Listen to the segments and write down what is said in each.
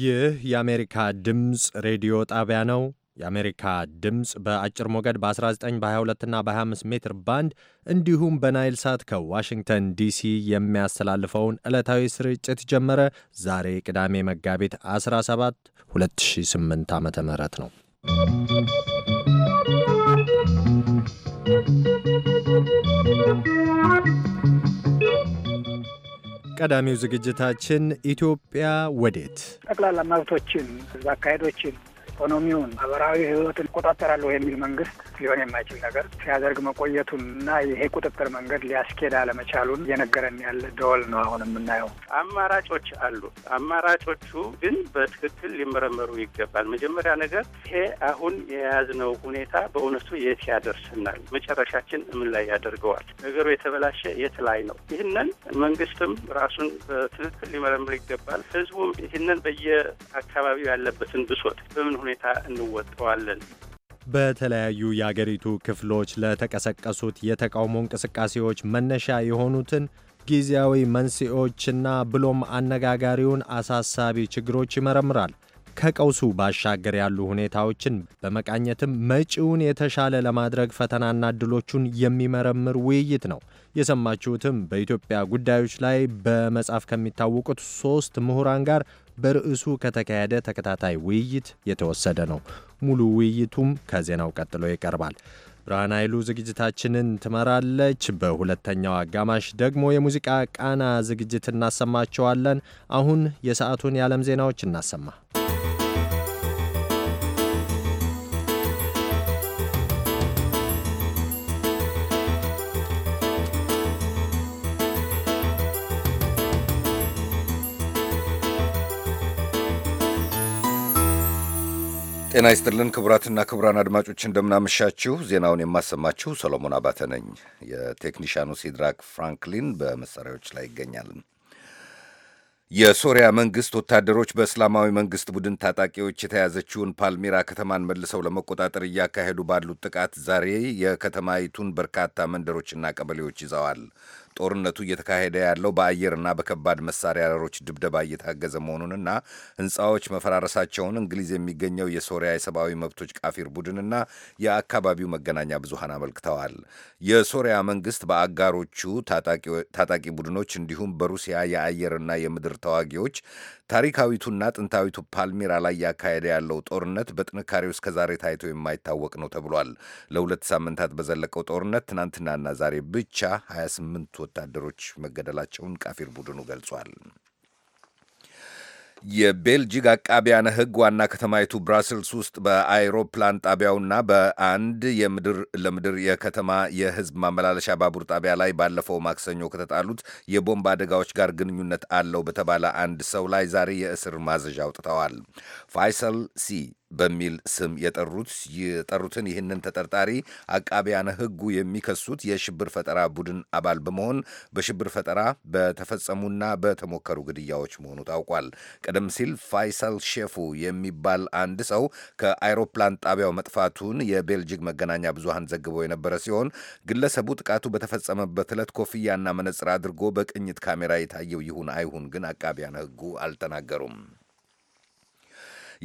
ይህ የአሜሪካ ድምፅ ሬዲዮ ጣቢያ ነው። የአሜሪካ ድምፅ በአጭር ሞገድ በ19 22 በ25 ሜትር ባንድ እንዲሁም በናይል ሳት ከዋሽንግተን ዲሲ የሚያስተላልፈውን ዕለታዊ ስርጭት ጀመረ። ዛሬ ቅዳሜ መጋቢት 17 2008 ም ነው። ቀዳሚው ዝግጅታችን ኢትዮጵያ ወዴት ጠቅላላ መብቶችን፣ አካሄዶችን ኢኮኖሚውን፣ ማህበራዊ ህይወትን እቆጣጠራለሁ የሚል መንግስት ሊሆን የማይችል ነገር ሲያደርግ መቆየቱን እና ይሄ ቁጥጥር መንገድ ሊያስኬድ አለመቻሉን እየነገረን ያለ ደወል ነው። አሁን የምናየው አማራጮች አሉ። አማራጮቹ ግን በትክክል ሊመረመሩ ይገባል። መጀመሪያ ነገር ይሄ አሁን የያዝነው ሁኔታ በእውነቱ የት ያደርስናል? መጨረሻችን ምን ላይ ያደርገዋል? ነገሩ የተበላሸ የት ላይ ነው? ይህንን መንግስትም ራሱን በትክክል ሊመረምር ይገባል። ህዝቡም ይህንን በየአካባቢው ያለበትን ብሶት በምን ሁኔታ እንወጠዋለን። በተለያዩ የአገሪቱ ክፍሎች ለተቀሰቀሱት የተቃውሞ እንቅስቃሴዎች መነሻ የሆኑትን ጊዜያዊ መንስኤዎችና ብሎም አነጋጋሪውን አሳሳቢ ችግሮች ይመረምራል። ከቀውሱ ባሻገር ያሉ ሁኔታዎችን በመቃኘትም መጪውን የተሻለ ለማድረግ ፈተናና እድሎቹን የሚመረምር ውይይት ነው። የሰማችሁትም በኢትዮጵያ ጉዳዮች ላይ በመጻፍ ከሚታወቁት ሶስት ምሁራን ጋር በርዕሱ ከተካሄደ ተከታታይ ውይይት የተወሰደ ነው። ሙሉ ውይይቱም ከዜናው ቀጥሎ ይቀርባል። ብርሃን ኃይሉ ዝግጅታችንን ትመራለች። በሁለተኛው አጋማሽ ደግሞ የሙዚቃ ቃና ዝግጅት እናሰማቸዋለን። አሁን የሰዓቱን የዓለም ዜናዎች እናሰማ። ጤና ይስጥልን ክቡራትና ክቡራን አድማጮች እንደምናመሻችሁ። ዜናውን የማሰማችሁ ሰሎሞን አባተ ነኝ። የቴክኒሻኑ ሲድራክ ፍራንክሊን በመሳሪያዎች ላይ ይገኛል። የሶሪያ መንግስት ወታደሮች በእስላማዊ መንግስት ቡድን ታጣቂዎች የተያዘችውን ፓልሚራ ከተማን መልሰው ለመቆጣጠር እያካሄዱ ባሉት ጥቃት ዛሬ የከተማይቱን በርካታ መንደሮችና ቀበሌዎች ይዘዋል። ጦርነቱ እየተካሄደ ያለው በአየርና በከባድ መሳሪያ ረሮች ድብደባ እየታገዘ መሆኑንና ህንፃዎች መፈራረሳቸውን እንግሊዝ የሚገኘው የሶሪያ የሰብአዊ መብቶች ቃፊር ቡድንና የአካባቢው መገናኛ ብዙሃን አመልክተዋል። የሶሪያ መንግስት በአጋሮቹ ታጣቂ ቡድኖች እንዲሁም በሩሲያ የአየርና የምድር ተዋጊዎች ታሪካዊቱና ጥንታዊቱ ፓልሚራ ላይ ያካሄደ ያለው ጦርነት በጥንካሬው እስከ ዛሬ ታይቶ የማይታወቅ ነው ተብሏል። ለሁለት ሳምንታት በዘለቀው ጦርነት ትናንትናና ዛሬ ብቻ 28 ወታደሮች መገደላቸውን ቃፊር ቡድኑ ገልጿል። የቤልጂግ አቃቢያነ ሕግ ዋና ከተማይቱ ብራስልስ ውስጥ በአይሮፕላን ጣቢያውና በአንድ የምድር ለምድር የከተማ የሕዝብ ማመላለሻ ባቡር ጣቢያ ላይ ባለፈው ማክሰኞ ከተጣሉት የቦምብ አደጋዎች ጋር ግንኙነት አለው በተባለ አንድ ሰው ላይ ዛሬ የእስር ማዘዣ አውጥተዋል። ፋይሰል ሲ በሚል ስም የጠሩት የጠሩትን ይህንን ተጠርጣሪ አቃቢያነ ሕጉ የሚከሱት የሽብር ፈጠራ ቡድን አባል በመሆን በሽብር ፈጠራ በተፈጸሙና በተሞከሩ ግድያዎች መሆኑ ታውቋል። ቀደም ሲል ፋይሰል ሼፉ የሚባል አንድ ሰው ከአይሮፕላን ጣቢያው መጥፋቱን የቤልጅግ መገናኛ ብዙሃን ዘግበው የነበረ ሲሆን ግለሰቡ ጥቃቱ በተፈጸመበት ዕለት ኮፍያና መነጽር አድርጎ በቅኝት ካሜራ የታየው ይሁን አይሁን ግን አቃቢያነ ሕጉ አልተናገሩም።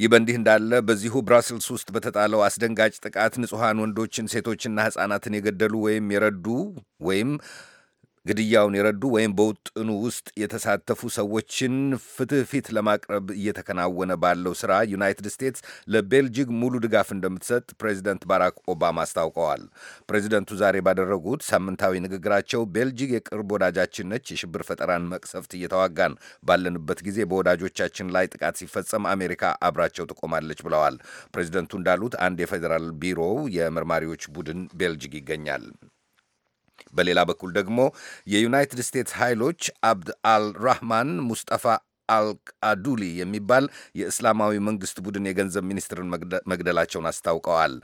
ይህ በእንዲህ እንዳለ በዚሁ ብራስልስ ውስጥ በተጣለው አስደንጋጭ ጥቃት ንጹሐን ወንዶችን፣ ሴቶችና ሕፃናትን የገደሉ ወይም የረዱ ወይም ግድያውን የረዱ ወይም በውጥኑ ውስጥ የተሳተፉ ሰዎችን ፍትህ ፊት ለማቅረብ እየተከናወነ ባለው ስራ ዩናይትድ ስቴትስ ለቤልጅግ ሙሉ ድጋፍ እንደምትሰጥ ፕሬዚደንት ባራክ ኦባማ አስታውቀዋል። ፕሬዚደንቱ ዛሬ ባደረጉት ሳምንታዊ ንግግራቸው ቤልጅግ የቅርብ ወዳጃችን ነች፣ የሽብር ፈጠራን መቅሰፍት እየተዋጋን ባለንበት ጊዜ በወዳጆቻችን ላይ ጥቃት ሲፈጸም አሜሪካ አብራቸው ትቆማለች ብለዋል። ፕሬዚደንቱ እንዳሉት አንድ የፌዴራል ቢሮው የመርማሪዎች ቡድን ቤልጅግ ይገኛል። በሌላ በኩል ደግሞ የዩናይትድ ስቴትስ ኃይሎች አብድ አልራህማን ሙስጠፋ አልቃዱሊ የሚባል የእስላማዊ መንግስት ቡድን የገንዘብ ሚኒስትርን መግደላቸውን አስታውቀዋል።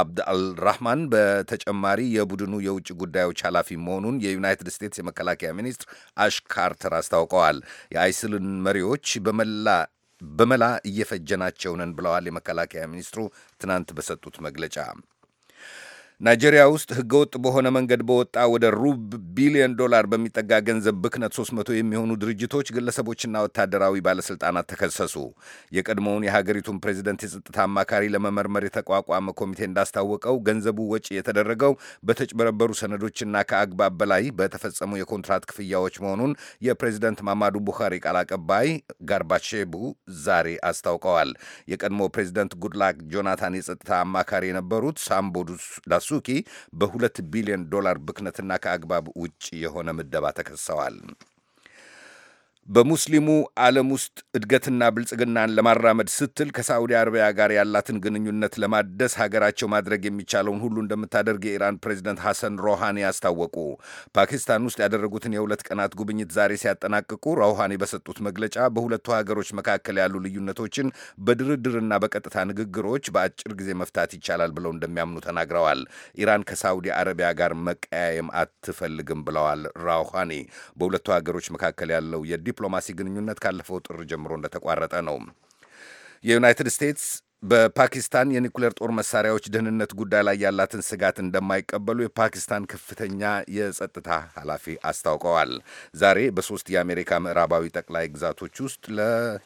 አብድ አልራህማን በተጨማሪ የቡድኑ የውጭ ጉዳዮች ኃላፊ መሆኑን የዩናይትድ ስቴትስ የመከላከያ ሚኒስትር አሽ ካርተር አስታውቀዋል። የአይስልን መሪዎች በመላ በመላ እየፈጀናቸውንን ብለዋል የመከላከያ ሚኒስትሩ ትናንት በሰጡት መግለጫ ናይጄሪያ ውስጥ ህገወጥ በሆነ መንገድ በወጣ ወደ ሩብ ቢሊዮን ዶላር በሚጠጋ ገንዘብ ብክነት 300 የሚሆኑ ድርጅቶች፣ ግለሰቦችና ወታደራዊ ባለሥልጣናት ተከሰሱ። የቀድሞውን የሀገሪቱን ፕሬዚደንት የጸጥታ አማካሪ ለመመርመር የተቋቋመ ኮሚቴ እንዳስታወቀው ገንዘቡ ወጪ የተደረገው በተጭበረበሩ ሰነዶችና ከአግባብ በላይ በተፈጸሙ የኮንትራት ክፍያዎች መሆኑን የፕሬዚደንት ማማዱ ቡኻሪ ቃል አቀባይ ጋርባቼቡ ዛሬ አስታውቀዋል። የቀድሞ ፕሬዚደንት ጉድላክ ጆናታን የጸጥታ አማካሪ የነበሩት ሳምቦዱስ ዳሱ ሱኪ በሁለት ቢሊዮን ዶላር ብክነትና ከአግባብ ውጭ የሆነ ምደባ ተከሰዋል። በሙስሊሙ ዓለም ውስጥ እድገትና ብልጽግናን ለማራመድ ስትል ከሳዑዲ አረቢያ ጋር ያላትን ግንኙነት ለማደስ ሀገራቸው ማድረግ የሚቻለውን ሁሉ እንደምታደርግ የኢራን ፕሬዚደንት ሐሰን ሮሃኒ አስታወቁ። ፓኪስታን ውስጥ ያደረጉትን የሁለት ቀናት ጉብኝት ዛሬ ሲያጠናቅቁ ሮሃኒ በሰጡት መግለጫ በሁለቱ ሀገሮች መካከል ያሉ ልዩነቶችን በድርድርና በቀጥታ ንግግሮች በአጭር ጊዜ መፍታት ይቻላል ብለው እንደሚያምኑ ተናግረዋል። ኢራን ከሳዑዲ አረቢያ ጋር መቀያየም አትፈልግም ብለዋል ራውሃኒ። በሁለቱ ሀገሮች መካከል ያለው ዲፕሎማሲ ግንኙነት ካለፈው ጥር ጀምሮ እንደተቋረጠ ነው። የዩናይትድ ስቴትስ በፓኪስታን የኒኩሌር ጦር መሳሪያዎች ደህንነት ጉዳይ ላይ ያላትን ስጋት እንደማይቀበሉ የፓኪስታን ከፍተኛ የጸጥታ ኃላፊ አስታውቀዋል። ዛሬ በሶስት የአሜሪካ ምዕራባዊ ጠቅላይ ግዛቶች ውስጥ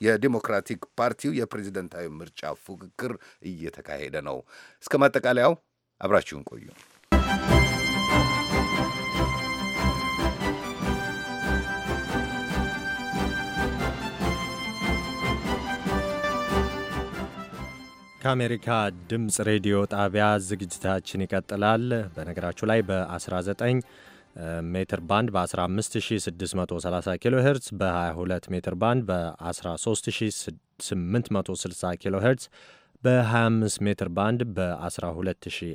የዲሞክራቲክ ፓርቲው የፕሬዚደንታዊ ምርጫ ፉክክር እየተካሄደ ነው። እስከ ማጠቃለያው አብራችሁን ቆዩ። ከአሜሪካ ድምፅ ሬዲዮ ጣቢያ ዝግጅታችን ይቀጥላል። በነገራችሁ ላይ በ19 ሜትር ባንድ በ15630 ኪሎ ሄርትስ በ22 ሜትር ባንድ በ13860 ኪሎ ሄርትስ በ25 ሜትር ባንድ በ 1240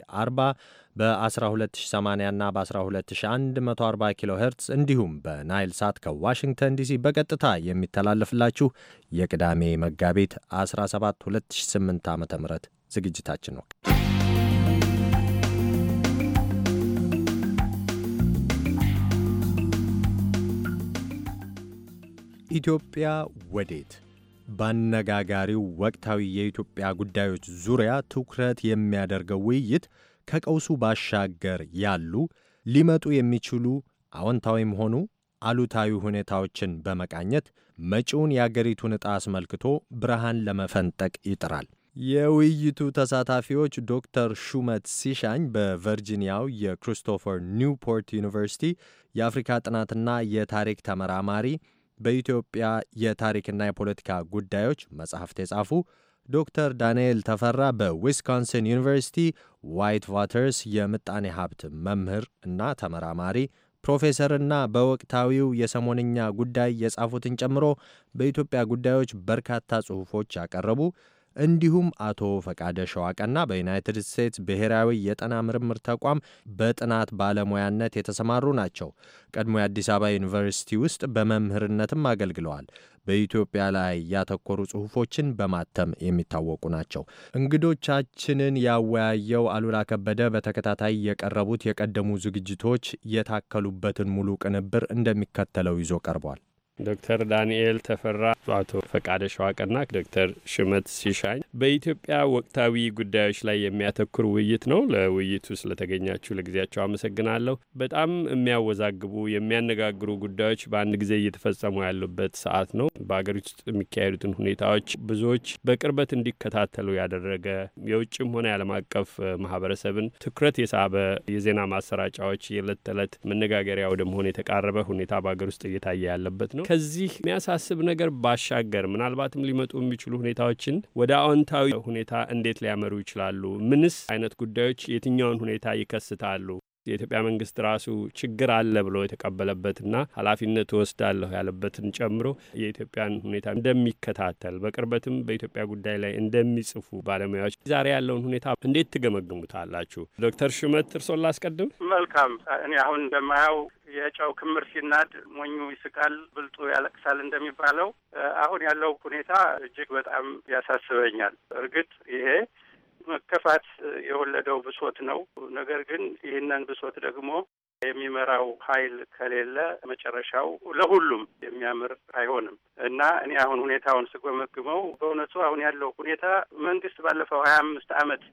በ12080 እና በ12140 ኪሎ ሄርትስ እንዲሁም በናይል ሳት ከዋሽንግተን ዲሲ በቀጥታ የሚተላለፍላችሁ የቅዳሜ መጋቢት 17 2008 ዓ ም ዝግጅታችን ነው። ኢትዮጵያ ወዴት በአነጋጋሪው ወቅታዊ የኢትዮጵያ ጉዳዮች ዙሪያ ትኩረት የሚያደርገው ውይይት ከቀውሱ ባሻገር ያሉ ሊመጡ የሚችሉ አዎንታዊም ሆኑ አሉታዊ ሁኔታዎችን በመቃኘት መጪውን የአገሪቱን ዕጣ አስመልክቶ ብርሃን ለመፈንጠቅ ይጥራል። የውይይቱ ተሳታፊዎች ዶክተር ሹመት ሲሻኝ በቨርጂኒያው የክሪስቶፈር ኒውፖርት ዩኒቨርሲቲ የአፍሪካ ጥናትና የታሪክ ተመራማሪ፣ በኢትዮጵያ የታሪክና የፖለቲካ ጉዳዮች መጽሐፍት የጻፉ ዶክተር ዳንኤል ተፈራ በዊስኮንሲን ዩኒቨርሲቲ ዋይት ዋተርስ የምጣኔ ሀብት መምህር እና ተመራማሪ ፕሮፌሰርና በወቅታዊው የሰሞንኛ ጉዳይ የጻፉትን ጨምሮ በኢትዮጵያ ጉዳዮች በርካታ ጽሑፎች ያቀረቡ እንዲሁም አቶ ፈቃደ ሸዋቀና በዩናይትድ ስቴትስ ብሔራዊ የጤና ምርምር ተቋም በጥናት ባለሙያነት የተሰማሩ ናቸው። ቀድሞ የአዲስ አበባ ዩኒቨርሲቲ ውስጥ በመምህርነትም አገልግለዋል። በኢትዮጵያ ላይ ያተኮሩ ጽሁፎችን በማተም የሚታወቁ ናቸው። እንግዶቻችንን ያወያየው አሉላ ከበደ በተከታታይ የቀረቡት የቀደሙ ዝግጅቶች የታከሉበትን ሙሉ ቅንብር እንደሚከተለው ይዞ ቀርቧል። ዶክተር ዳንኤል ተፈራ፣ አቶ ፈቃደ ሸዋቀና ዶክተር ሽመት ሲሻኝ በኢትዮጵያ ወቅታዊ ጉዳዮች ላይ የሚያተኩር ውይይት ነው። ለውይይቱ ስለተገኛችሁ ለጊዜያቸው አመሰግናለሁ። በጣም የሚያወዛግቡ የሚያነጋግሩ ጉዳዮች በአንድ ጊዜ እየተፈጸሙ ያሉበት ሰዓት ነው። በሀገሪቱ ውስጥ የሚካሄዱትን ሁኔታዎች ብዙዎች በቅርበት እንዲከታተሉ ያደረገ የውጭም ሆነ የዓለም አቀፍ ማህበረሰብን ትኩረት የሳበ የዜና ማሰራጫዎች የዕለት ተዕለት መነጋገሪያ ወደ መሆን የተቃረበ ሁኔታ በሀገር ውስጥ እየታየ ያለበት ነው። ከዚህ የሚያሳስብ ነገር ባሻገር ምናልባትም ሊመጡ የሚችሉ ሁኔታዎችን ወደ አዎንታዊ ሁኔታ እንዴት ሊያመሩ ይችላሉ? ምንስ አይነት ጉዳዮች የትኛውን ሁኔታ ይከስታሉ? የኢትዮጵያ መንግስት ራሱ ችግር አለ ብሎ የተቀበለበትና ኃላፊነት ወስዳለሁ ያለበትን ጨምሮ የኢትዮጵያን ሁኔታ እንደሚከታተል በቅርበትም በኢትዮጵያ ጉዳይ ላይ እንደሚጽፉ ባለሙያዎች ዛሬ ያለውን ሁኔታ እንዴት ትገመግሙታላችሁ? ዶክተር ሹመት እርስዎን ላስቀድም። መልካም። እኔ አሁን እንደማየው የጨው ክምር ሲናድ ሞኙ ይስቃል፣ ብልጡ ያለቅሳል እንደሚባለው አሁን ያለው ሁኔታ እጅግ በጣም ያሳስበኛል። እርግጥ ይሄ መከፋት የወለደው ብሶት ነው። ነገር ግን ይህንን ብሶት ደግሞ የሚመራው ኃይል ከሌለ መጨረሻው ለሁሉም የሚያምር አይሆንም እና እኔ አሁን ሁኔታውን ስገመግመው በእውነቱ አሁን ያለው ሁኔታ መንግስት ባለፈው ሀያ አምስት አመት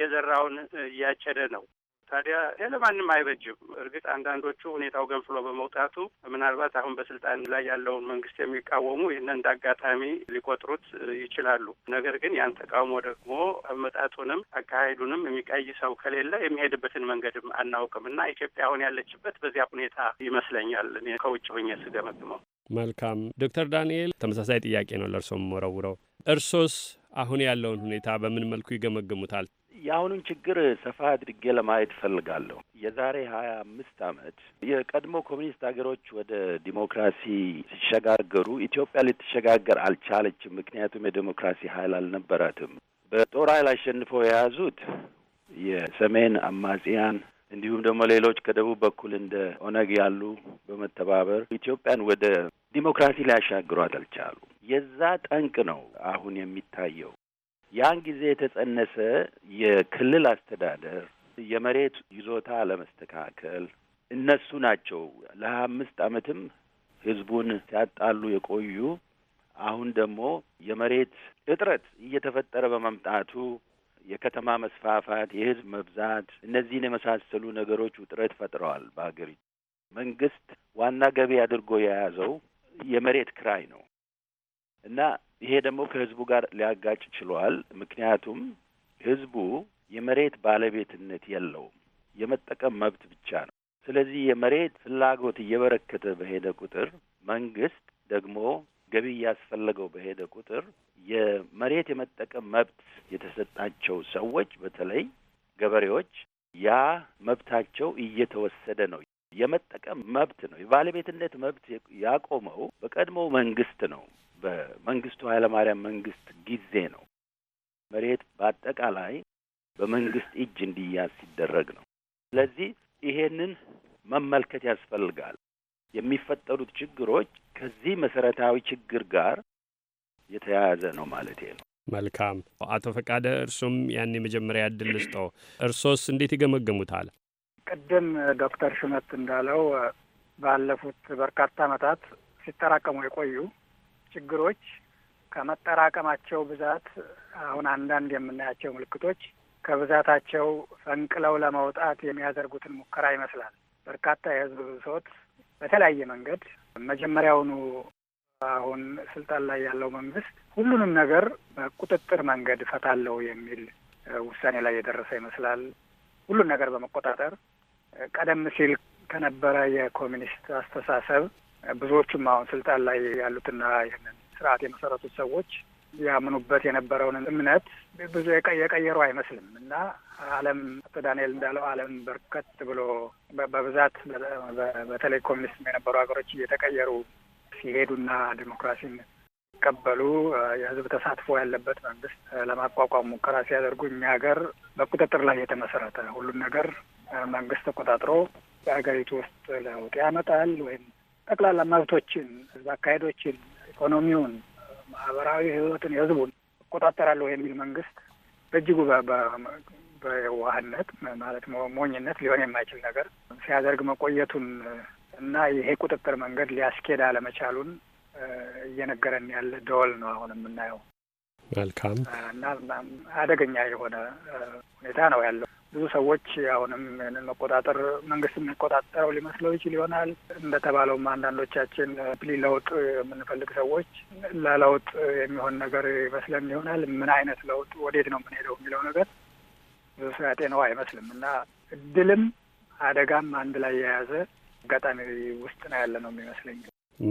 የዘራውን እያጨደ ነው። ታዲያ ለማንም አይበጅም። እርግጥ አንዳንዶቹ ሁኔታው ገንፍሎ በመውጣቱ ምናልባት አሁን በስልጣን ላይ ያለውን መንግስት የሚቃወሙ ይህንን እንደ አጋጣሚ ሊቆጥሩት ይችላሉ። ነገር ግን ያን ተቃውሞ ደግሞ አመጣጡንም አካሄዱንም የሚቀይ ሰው ከሌለ የሚሄድበትን መንገድም አናውቅም እና ኢትዮጵያ አሁን ያለችበት በዚያ ሁኔታ ይመስለኛል ከውጭ ሆኜ ስገመግመው። መልካም ዶክተር ዳንኤል ተመሳሳይ ጥያቄ ነው ለእርሶም ወረውረው እርሶስ አሁን ያለውን ሁኔታ በምን መልኩ ይገመግሙታል? የአሁኑን ችግር ሰፋ አድርጌ ለማየት እፈልጋለሁ። የዛሬ ሀያ አምስት አመት የቀድሞ ኮሚኒስት ሀገሮች ወደ ዲሞክራሲ ሲሸጋገሩ ኢትዮጵያ ልትሸጋገር አልቻለችም። ምክንያቱም የዲሞክራሲ ኃይል አልነበራትም። በጦር ኃይል አሸንፈው የያዙት የሰሜን አማጽያን እንዲሁም ደግሞ ሌሎች ከደቡብ በኩል እንደ ኦነግ ያሉ በመተባበር ኢትዮጵያን ወደ ዲሞክራሲ ሊያሻግሯት አልቻሉ። የዛ ጠንቅ ነው አሁን የሚታየው። ያን ጊዜ የተጸነሰ የክልል አስተዳደር የመሬት ይዞታ ለመስተካከል እነሱ ናቸው ለሀያ አምስት ህዝቡን ሲያጣሉ የቆዩ። አሁን ደግሞ የመሬት እጥረት እየተፈጠረ በመምጣቱ የከተማ መስፋፋት፣ የህዝብ መብዛት፣ እነዚህን የመሳሰሉ ነገሮች ውጥረት ፈጥረዋል በሀገሪቱ። መንግስት ዋና ገቢ አድርጎ የያዘው የመሬት ክራይ ነው እና ይሄ ደግሞ ከህዝቡ ጋር ሊያጋጭ ችሏል። ምክንያቱም ህዝቡ የመሬት ባለቤትነት የለውም፣ የመጠቀም መብት ብቻ ነው። ስለዚህ የመሬት ፍላጎት እየበረከተ በሄደ ቁጥር መንግስት ደግሞ ገቢ እያስፈለገው በሄደ ቁጥር የመሬት የመጠቀም መብት የተሰጣቸው ሰዎች በተለይ ገበሬዎች ያ መብታቸው እየተወሰደ ነው። የመጠቀም መብት ነው የባለቤትነት መብት ያቆመው በቀድሞው መንግስት ነው። በመንግስቱ ኃይለማርያም መንግስት ጊዜ ነው መሬት በአጠቃላይ በመንግስት እጅ እንዲያዝ ሲደረግ ነው። ስለዚህ ይሄንን መመልከት ያስፈልጋል። የሚፈጠሩት ችግሮች ከዚህ መሰረታዊ ችግር ጋር የተያያዘ ነው ማለት ነው። መልካም አቶ ፈቃደ፣ እርሱም ያን የመጀመሪያ እድል ልስጦ፣ እርሶስ እንዴት ይገመገሙታል? ቅድም ዶክተር ሹመት እንዳለው ባለፉት በርካታ አመታት ሲጠራቀሙ የቆዩ ችግሮች ከመጠራቀማቸው ብዛት አሁን አንዳንድ የምናያቸው ምልክቶች ከብዛታቸው ፈንቅለው ለመውጣት የሚያደርጉትን ሙከራ ይመስላል። በርካታ የህዝብ ብሶት በተለያየ መንገድ መጀመሪያውኑ አሁን ስልጣን ላይ ያለው መንግስት ሁሉንም ነገር በቁጥጥር መንገድ ፈታለው የሚል ውሳኔ ላይ የደረሰ ይመስላል። ሁሉን ነገር በመቆጣጠር ቀደም ሲል ከነበረ የኮሚኒስት አስተሳሰብ ብዙዎቹም አሁን ስልጣን ላይ ያሉትና ይህንን ስርዓት የመሰረቱት ሰዎች ያምኑበት የነበረውን እምነት ብዙ የቀየሩ አይመስልም እና ዓለም አቶ ዳንኤል እንዳለው ዓለም በርከት ብሎ በብዛት በተለይ ኮሚኒስት የነበሩ ሀገሮች እየተቀየሩ ሲሄዱና ዲሞክራሲን ቀበሉ የህዝብ ተሳትፎ ያለበት መንግስት ለማቋቋም ሙከራ ሲያደርጉ እኛ ሀገር በቁጥጥር ላይ የተመሰረተ ሁሉን ነገር መንግስት ተቆጣጥሮ በሀገሪቱ ውስጥ ለውጥ ያመጣል ወይም ጠቅላላ መብቶችን፣ ህዝብ አካሄዶችን፣ ኢኮኖሚውን፣ ማህበራዊ ህይወትን፣ የህዝቡን እቆጣጠራለሁ የሚል መንግስት በእጅጉ በዋህነት ማለት ሞኝነት ሊሆን የማይችል ነገር ሲያደርግ መቆየቱን እና ይሄ ቁጥጥር መንገድ ሊያስኬድ አለመቻሉን እየነገረን ያለ ደወል ነው አሁን የምናየው። መልካም እና አደገኛ የሆነ ሁኔታ ነው ያለው። ብዙ ሰዎች አሁንም ይህንን መቆጣጠር መንግስት የሚቆጣጠረው ሊመስለው ይችል ይሆናል። እንደተባለውም አንዳንዶቻችን ፕሊ ለውጥ የምንፈልግ ሰዎች ለለውጥ የሚሆን ነገር ይመስለን ይሆናል። ምን አይነት ለውጥ፣ ወዴት ነው የምንሄደው የሚለው ነገር ብዙ ሰው ያጤነው አይመስልም እና እድልም አደጋም አንድ ላይ የያዘ አጋጣሚ ውስጥ ነው ያለ ነው የሚመስለኝ።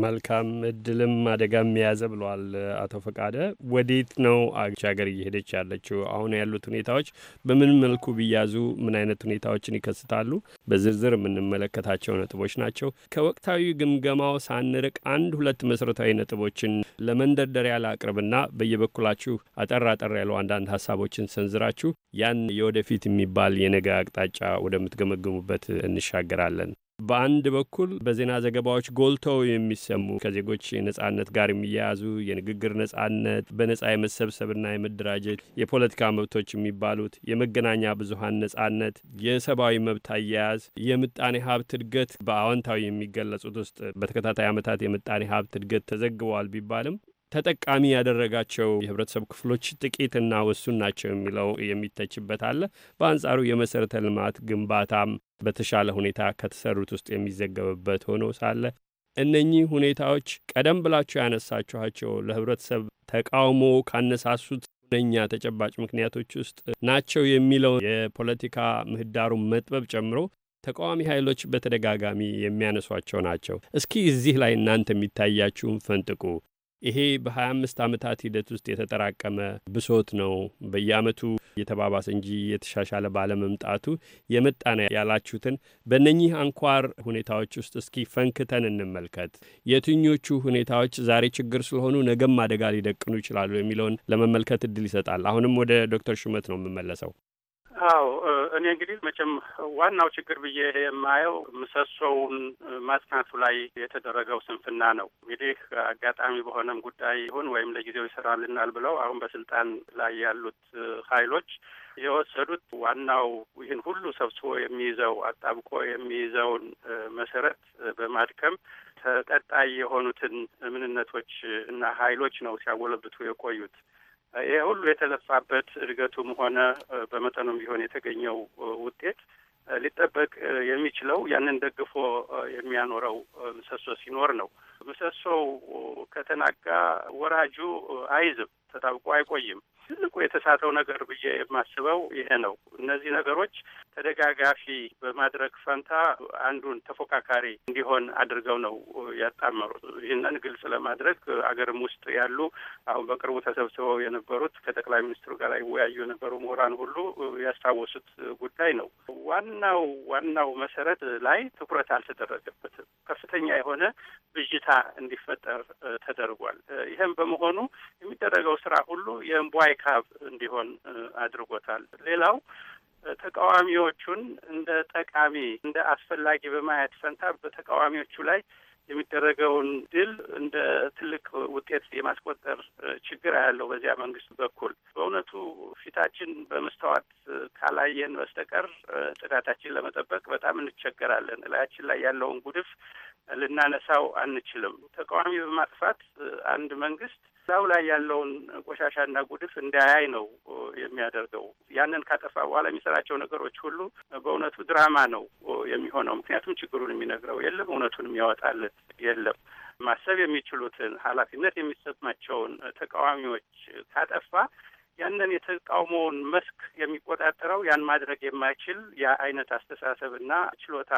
መልካም እድልም አደጋም የያዘ ብለዋል አቶ ፈቃደ። ወዴት ነው አገች ሀገር እየሄደች ያለችው? አሁን ያሉት ሁኔታዎች በምን መልኩ ቢያዙ ምን አይነት ሁኔታዎችን ይከስታሉ? በዝርዝር የምንመለከታቸው ነጥቦች ናቸው። ከወቅታዊ ግምገማው ሳንርቅ አንድ ሁለት መሰረታዊ ነጥቦችን ለመንደርደሪያ ላቅርብና በየበኩላችሁ አጠር አጠር ያሉ አንዳንድ ሀሳቦችን ሰንዝራችሁ ያን የወደፊት የሚባል የነገ አቅጣጫ ወደምትገመግሙበት እንሻገራለን። በአንድ በኩል በዜና ዘገባዎች ጎልተው የሚሰሙ ከዜጎች ነጻነት ጋር የሚያያዙ የንግግር ነጻነት፣ በነጻ የመሰብሰብና የመደራጀት፣ የፖለቲካ መብቶች የሚባሉት የመገናኛ ብዙሀን ነጻነት፣ የሰብአዊ መብት አያያዝ፣ የምጣኔ ሀብት እድገት በአዎንታዊ የሚገለጹት ውስጥ በተከታታይ ዓመታት የምጣኔ ሀብት እድገት ተዘግበዋል ቢባልም ተጠቃሚ ያደረጋቸው የህብረተሰብ ክፍሎች ጥቂትና ወሱን ናቸው የሚለው የሚተችበት አለ። በአንጻሩ የመሰረተ ልማት ግንባታም በተሻለ ሁኔታ ከተሰሩት ውስጥ የሚዘገብበት ሆኖ ሳለ እነኚህ ሁኔታዎች ቀደም ብላችሁ ያነሳችኋቸው ለህብረተሰብ ተቃውሞ ካነሳሱት ሁነኛ ተጨባጭ ምክንያቶች ውስጥ ናቸው የሚለው የፖለቲካ ምህዳሩን መጥበብ ጨምሮ ተቃዋሚ ኃይሎች በተደጋጋሚ የሚያነሷቸው ናቸው። እስኪ እዚህ ላይ እናንተ የሚታያችሁን ፈንጥቁ። ይሄ በ25 ዓመታት ሂደት ውስጥ የተጠራቀመ ብሶት ነው። በየአመቱ እየተባባሰ እንጂ የተሻሻለ ባለመምጣቱ የመጣ ነው ያላችሁትን በእነኚህ አንኳር ሁኔታዎች ውስጥ እስኪ ፈንክተን እንመልከት። የትኞቹ ሁኔታዎች ዛሬ ችግር ስለሆኑ ነገም አደጋ ሊደቅኑ ይችላሉ የሚለውን ለመመልከት እድል ይሰጣል። አሁንም ወደ ዶክተር ሹመት ነው የምመለሰው። አዎ እኔ እንግዲህ መቼም ዋናው ችግር ብዬ የማየው ምሰሶውን ማጽናቱ ላይ የተደረገው ስንፍና ነው። እንግዲህ አጋጣሚ በሆነም ጉዳይ ይሁን ወይም ለጊዜው ይሰራልናል ብለው አሁን በስልጣን ላይ ያሉት ኃይሎች የወሰዱት ዋናው ይህን ሁሉ ሰብስቦ የሚይዘው አጣብቆ የሚይዘውን መሰረት በማድከም ተቀጣይ የሆኑትን እምንነቶች እና ኃይሎች ነው ሲያጎለብቱ የቆዩት። ይሄ ሁሉ የተለፋበት እድገቱም ሆነ በመጠኑም ቢሆን የተገኘው ውጤት ሊጠበቅ የሚችለው ያንን ደግፎ የሚያኖረው ምሰሶ ሲኖር ነው። ምሰሶው ከተናጋ ወራጁ አይዝም። ተጣብቆ አይቆይም። ትልቁ የተሳተው ነገር ብዬ የማስበው ይሄ ነው። እነዚህ ነገሮች ተደጋጋፊ በማድረግ ፈንታ አንዱን ተፎካካሪ እንዲሆን አድርገው ነው ያጣመሩት። ይህንን ግልጽ ለማድረግ አገርም ውስጥ ያሉ አሁን በቅርቡ ተሰብስበው የነበሩት ከጠቅላይ ሚኒስትሩ ጋር ይወያዩ የነበሩ ምሁራን ሁሉ ያስታወሱት ጉዳይ ነው። ዋናው ዋናው መሰረት ላይ ትኩረት አልተደረገበትም። ከፍተኛ የሆነ ብዥታ እንዲፈጠር ተደርጓል። ይህም በመሆኑ የሚደረገው ስራ ሁሉ የእምቧይ ካብ እንዲሆን አድርጎታል። ሌላው ተቃዋሚዎቹን እንደ ጠቃሚ እንደ አስፈላጊ በማየት ፈንታ በተቃዋሚዎቹ ላይ የሚደረገውን ድል እንደ ትልቅ ውጤት የማስቆጠር ችግር ያለው በዚያ መንግስት በኩል በእውነቱ ፊታችን በመስተዋት ካላየን በስተቀር ጽዳታችን ለመጠበቅ በጣም እንቸገራለን። እላያችን ላይ ያለውን ጉድፍ ልናነሳው አንችልም። ተቃዋሚ በማጥፋት አንድ መንግስት እዛው ላይ ያለውን ቆሻሻና ጉድፍ እንዳያይ ነው የሚያደርገው። ያንን ካጠፋ በኋላ የሚሰራቸው ነገሮች ሁሉ በእውነቱ ድራማ ነው የሚሆነው። ምክንያቱም ችግሩን የሚነግረው የለም፣ እውነቱን የሚያወጣለት የለም። ማሰብ የሚችሉትን ኃላፊነት የሚሰማቸውን ተቃዋሚዎች ካጠፋ ያንን የተቃውሞውን መስክ የሚቆጣጠረው ያን ማድረግ የማይችል የአይነት አይነት አስተሳሰብና ችሎታ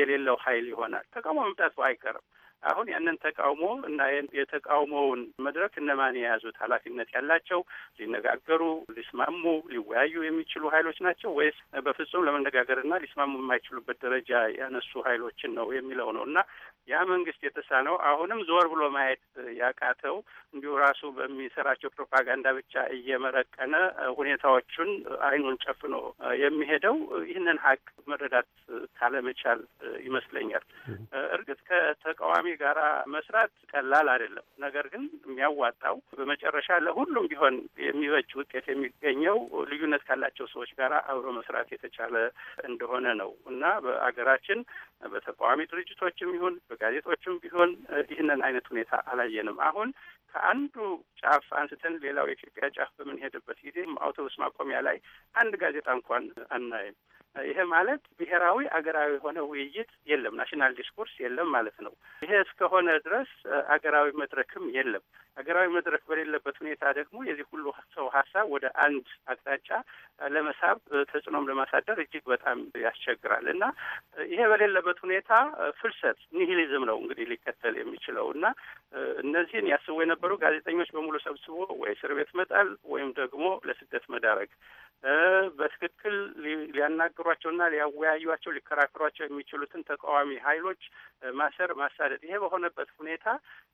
የሌለው ኃይል ይሆናል። ተቃውሞ መምጣቱ አይቀርም። አሁን ያንን ተቃውሞ እና የተቃውሞውን መድረክ እነማን የያዙት ኃላፊነት ያላቸው ሊነጋገሩ፣ ሊስማሙ፣ ሊወያዩ የሚችሉ ኃይሎች ናቸው ወይስ በፍጹም ለመነጋገርና ሊስማሙ የማይችሉበት ደረጃ ያነሱ ኃይሎችን ነው የሚለው ነው እና ያ መንግስት የተሳነው አሁንም ዞር ብሎ ማየት ያቃተው እንዲሁ ራሱ በሚሰራቸው ፕሮፓጋንዳ ብቻ እየመረቀነ ሁኔታዎቹን አይኑን ጨፍኖ የሚሄደው ይህንን ሀቅ መረዳት ካለመቻል ይመስለኛል። እርግጥ ከተቃዋሚ አካባቢ ጋር መስራት ቀላል አይደለም። ነገር ግን የሚያዋጣው በመጨረሻ ለሁሉም ቢሆን የሚበጅ ውጤት የሚገኘው ልዩነት ካላቸው ሰዎች ጋር አብሮ መስራት የተቻለ እንደሆነ ነው እና በአገራችን በተቃዋሚ ድርጅቶችም ይሁን በጋዜጦችም ቢሆን ይህንን አይነት ሁኔታ አላየንም። አሁን ከአንዱ ጫፍ አንስተን ሌላው የኢትዮጵያ ጫፍ በምንሄድበት ጊዜ አውቶቡስ ማቆሚያ ላይ አንድ ጋዜጣ እንኳን አናይም። ይሄ ማለት ብሔራዊ አገራዊ የሆነ ውይይት የለም፣ ናሽናል ዲስኮርስ የለም ማለት ነው። ይሄ እስከሆነ ድረስ አገራዊ መድረክም የለም። አገራዊ መድረክ በሌለበት ሁኔታ ደግሞ የዚህ ሁሉ ሰው ሀሳብ ወደ አንድ አቅጣጫ ለመሳብ ተጽዕኖም ለማሳደር እጅግ በጣም ያስቸግራል እና ይሄ በሌለበት ሁኔታ ፍልሰት ኒሂሊዝም ነው እንግዲህ ሊከተል የሚችለው እና እነዚህን ያስቡ የነበሩ ጋዜጠኞች በሙሉ ሰብስቦ ወይ እስር ቤት መጣል ወይም ደግሞ ለስደት መዳረግ በትክክል ሊያናግሯቸውና ሊያወያዩቸው ሊከራከሯቸው የሚችሉትን ተቃዋሚ ኃይሎች ማሰር፣ ማሳደድ። ይሄ በሆነበት ሁኔታ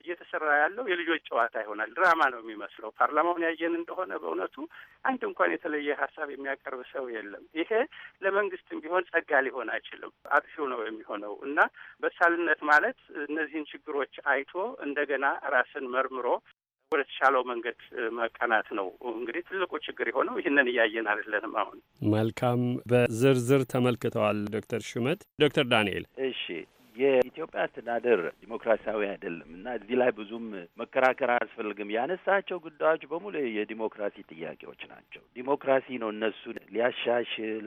እየተሰራ ያለው የልጆች ጨዋታ ይሆናል። ድራማ ነው የሚመስለው። ፓርላማውን ያየን እንደሆነ በእውነቱ አንድ እንኳን የተለየ ሀሳብ የሚያቀርብ ሰው የለም። ይሄ ለመንግስትም ቢሆን ጸጋ ሊሆን አይችልም። አጥፊው ነው የሚሆነው እና በሳልነት ማለት እነዚህን ችግሮች አይቶ እንደገና ራስን መርምሮ ወደ ተሻለው መንገድ መቀናት ነው። እንግዲህ ትልቁ ችግር የሆነው ይህንን እያየን አይደለንም። አሁን መልካም በዝርዝር ተመልክተዋል ዶክተር ሹመት። ዶክተር ዳንኤል እሺ የኢትዮጵያ አስተዳደር ዲሞክራሲያዊ አይደለም እና እዚህ ላይ ብዙም መከራከር አያስፈልግም። ያነሳቸው ጉዳዮች በሙሉ የዲሞክራሲ ጥያቄዎች ናቸው። ዲሞክራሲ ነው እነሱን ሊያሻሽል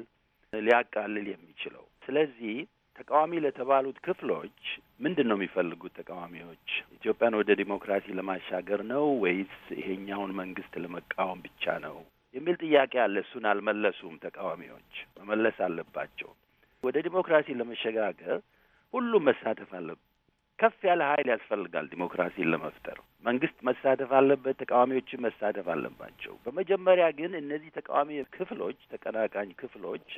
ሊያቃልል የሚችለው። ስለዚህ ተቃዋሚ ለተባሉት ክፍሎች ምንድን ነው የሚፈልጉት? ተቃዋሚዎች ኢትዮጵያን ወደ ዲሞክራሲ ለማሻገር ነው ወይስ ይሄኛውን መንግስት ለመቃወም ብቻ ነው የሚል ጥያቄ አለ። እሱን አልመለሱም። ተቃዋሚዎች መመለስ አለባቸው። ወደ ዲሞክራሲ ለመሸጋገር ሁሉም መሳተፍ አለበት። ከፍ ያለ ኃይል ያስፈልጋል ዲሞክራሲን ለመፍጠር። መንግስት መሳተፍ አለበት፣ ተቃዋሚዎችን መሳተፍ አለባቸው። በመጀመሪያ ግን እነዚህ ተቃዋሚ ክፍሎች፣ ተቀናቃኝ ክፍሎች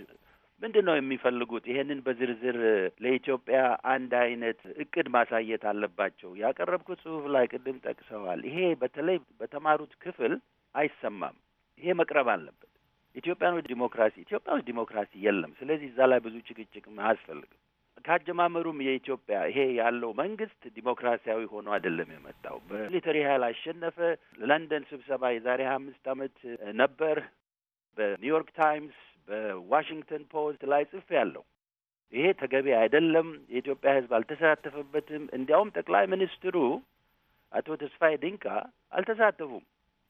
ምንድን ነው የሚፈልጉት? ይሄንን በዝርዝር ለኢትዮጵያ አንድ አይነት እቅድ ማሳየት አለባቸው። ያቀረብኩት ጽሁፍ ላይ ቅድም ጠቅሰዋል። ይሄ በተለይ በተማሩት ክፍል አይሰማም። ይሄ መቅረብ አለበት። ኢትዮጵያኖች ዲሞክራሲ ኢትዮጵያ ውስጥ ዲሞክራሲ የለም። ስለዚህ እዛ ላይ ብዙ ጭቅጭቅም አያስፈልግም። ካጀማመሩም የኢትዮጵያ ይሄ ያለው መንግስት ዲሞክራሲያዊ ሆኖ አይደለም የመጣው። በሚሊተሪ ኃይል አሸነፈ። ለንደን ስብሰባ የዛሬ ሀያ አምስት ዓመት ነበር። በኒውዮርክ ታይምስ በዋሽንግተን ፖስት ላይ ጽፍ ያለው ይሄ ተገቢ አይደለም፣ የኢትዮጵያ ሕዝብ አልተሳተፈበትም። እንዲያውም ጠቅላይ ሚኒስትሩ አቶ ተስፋዬ ድንቃ አልተሳተፉም።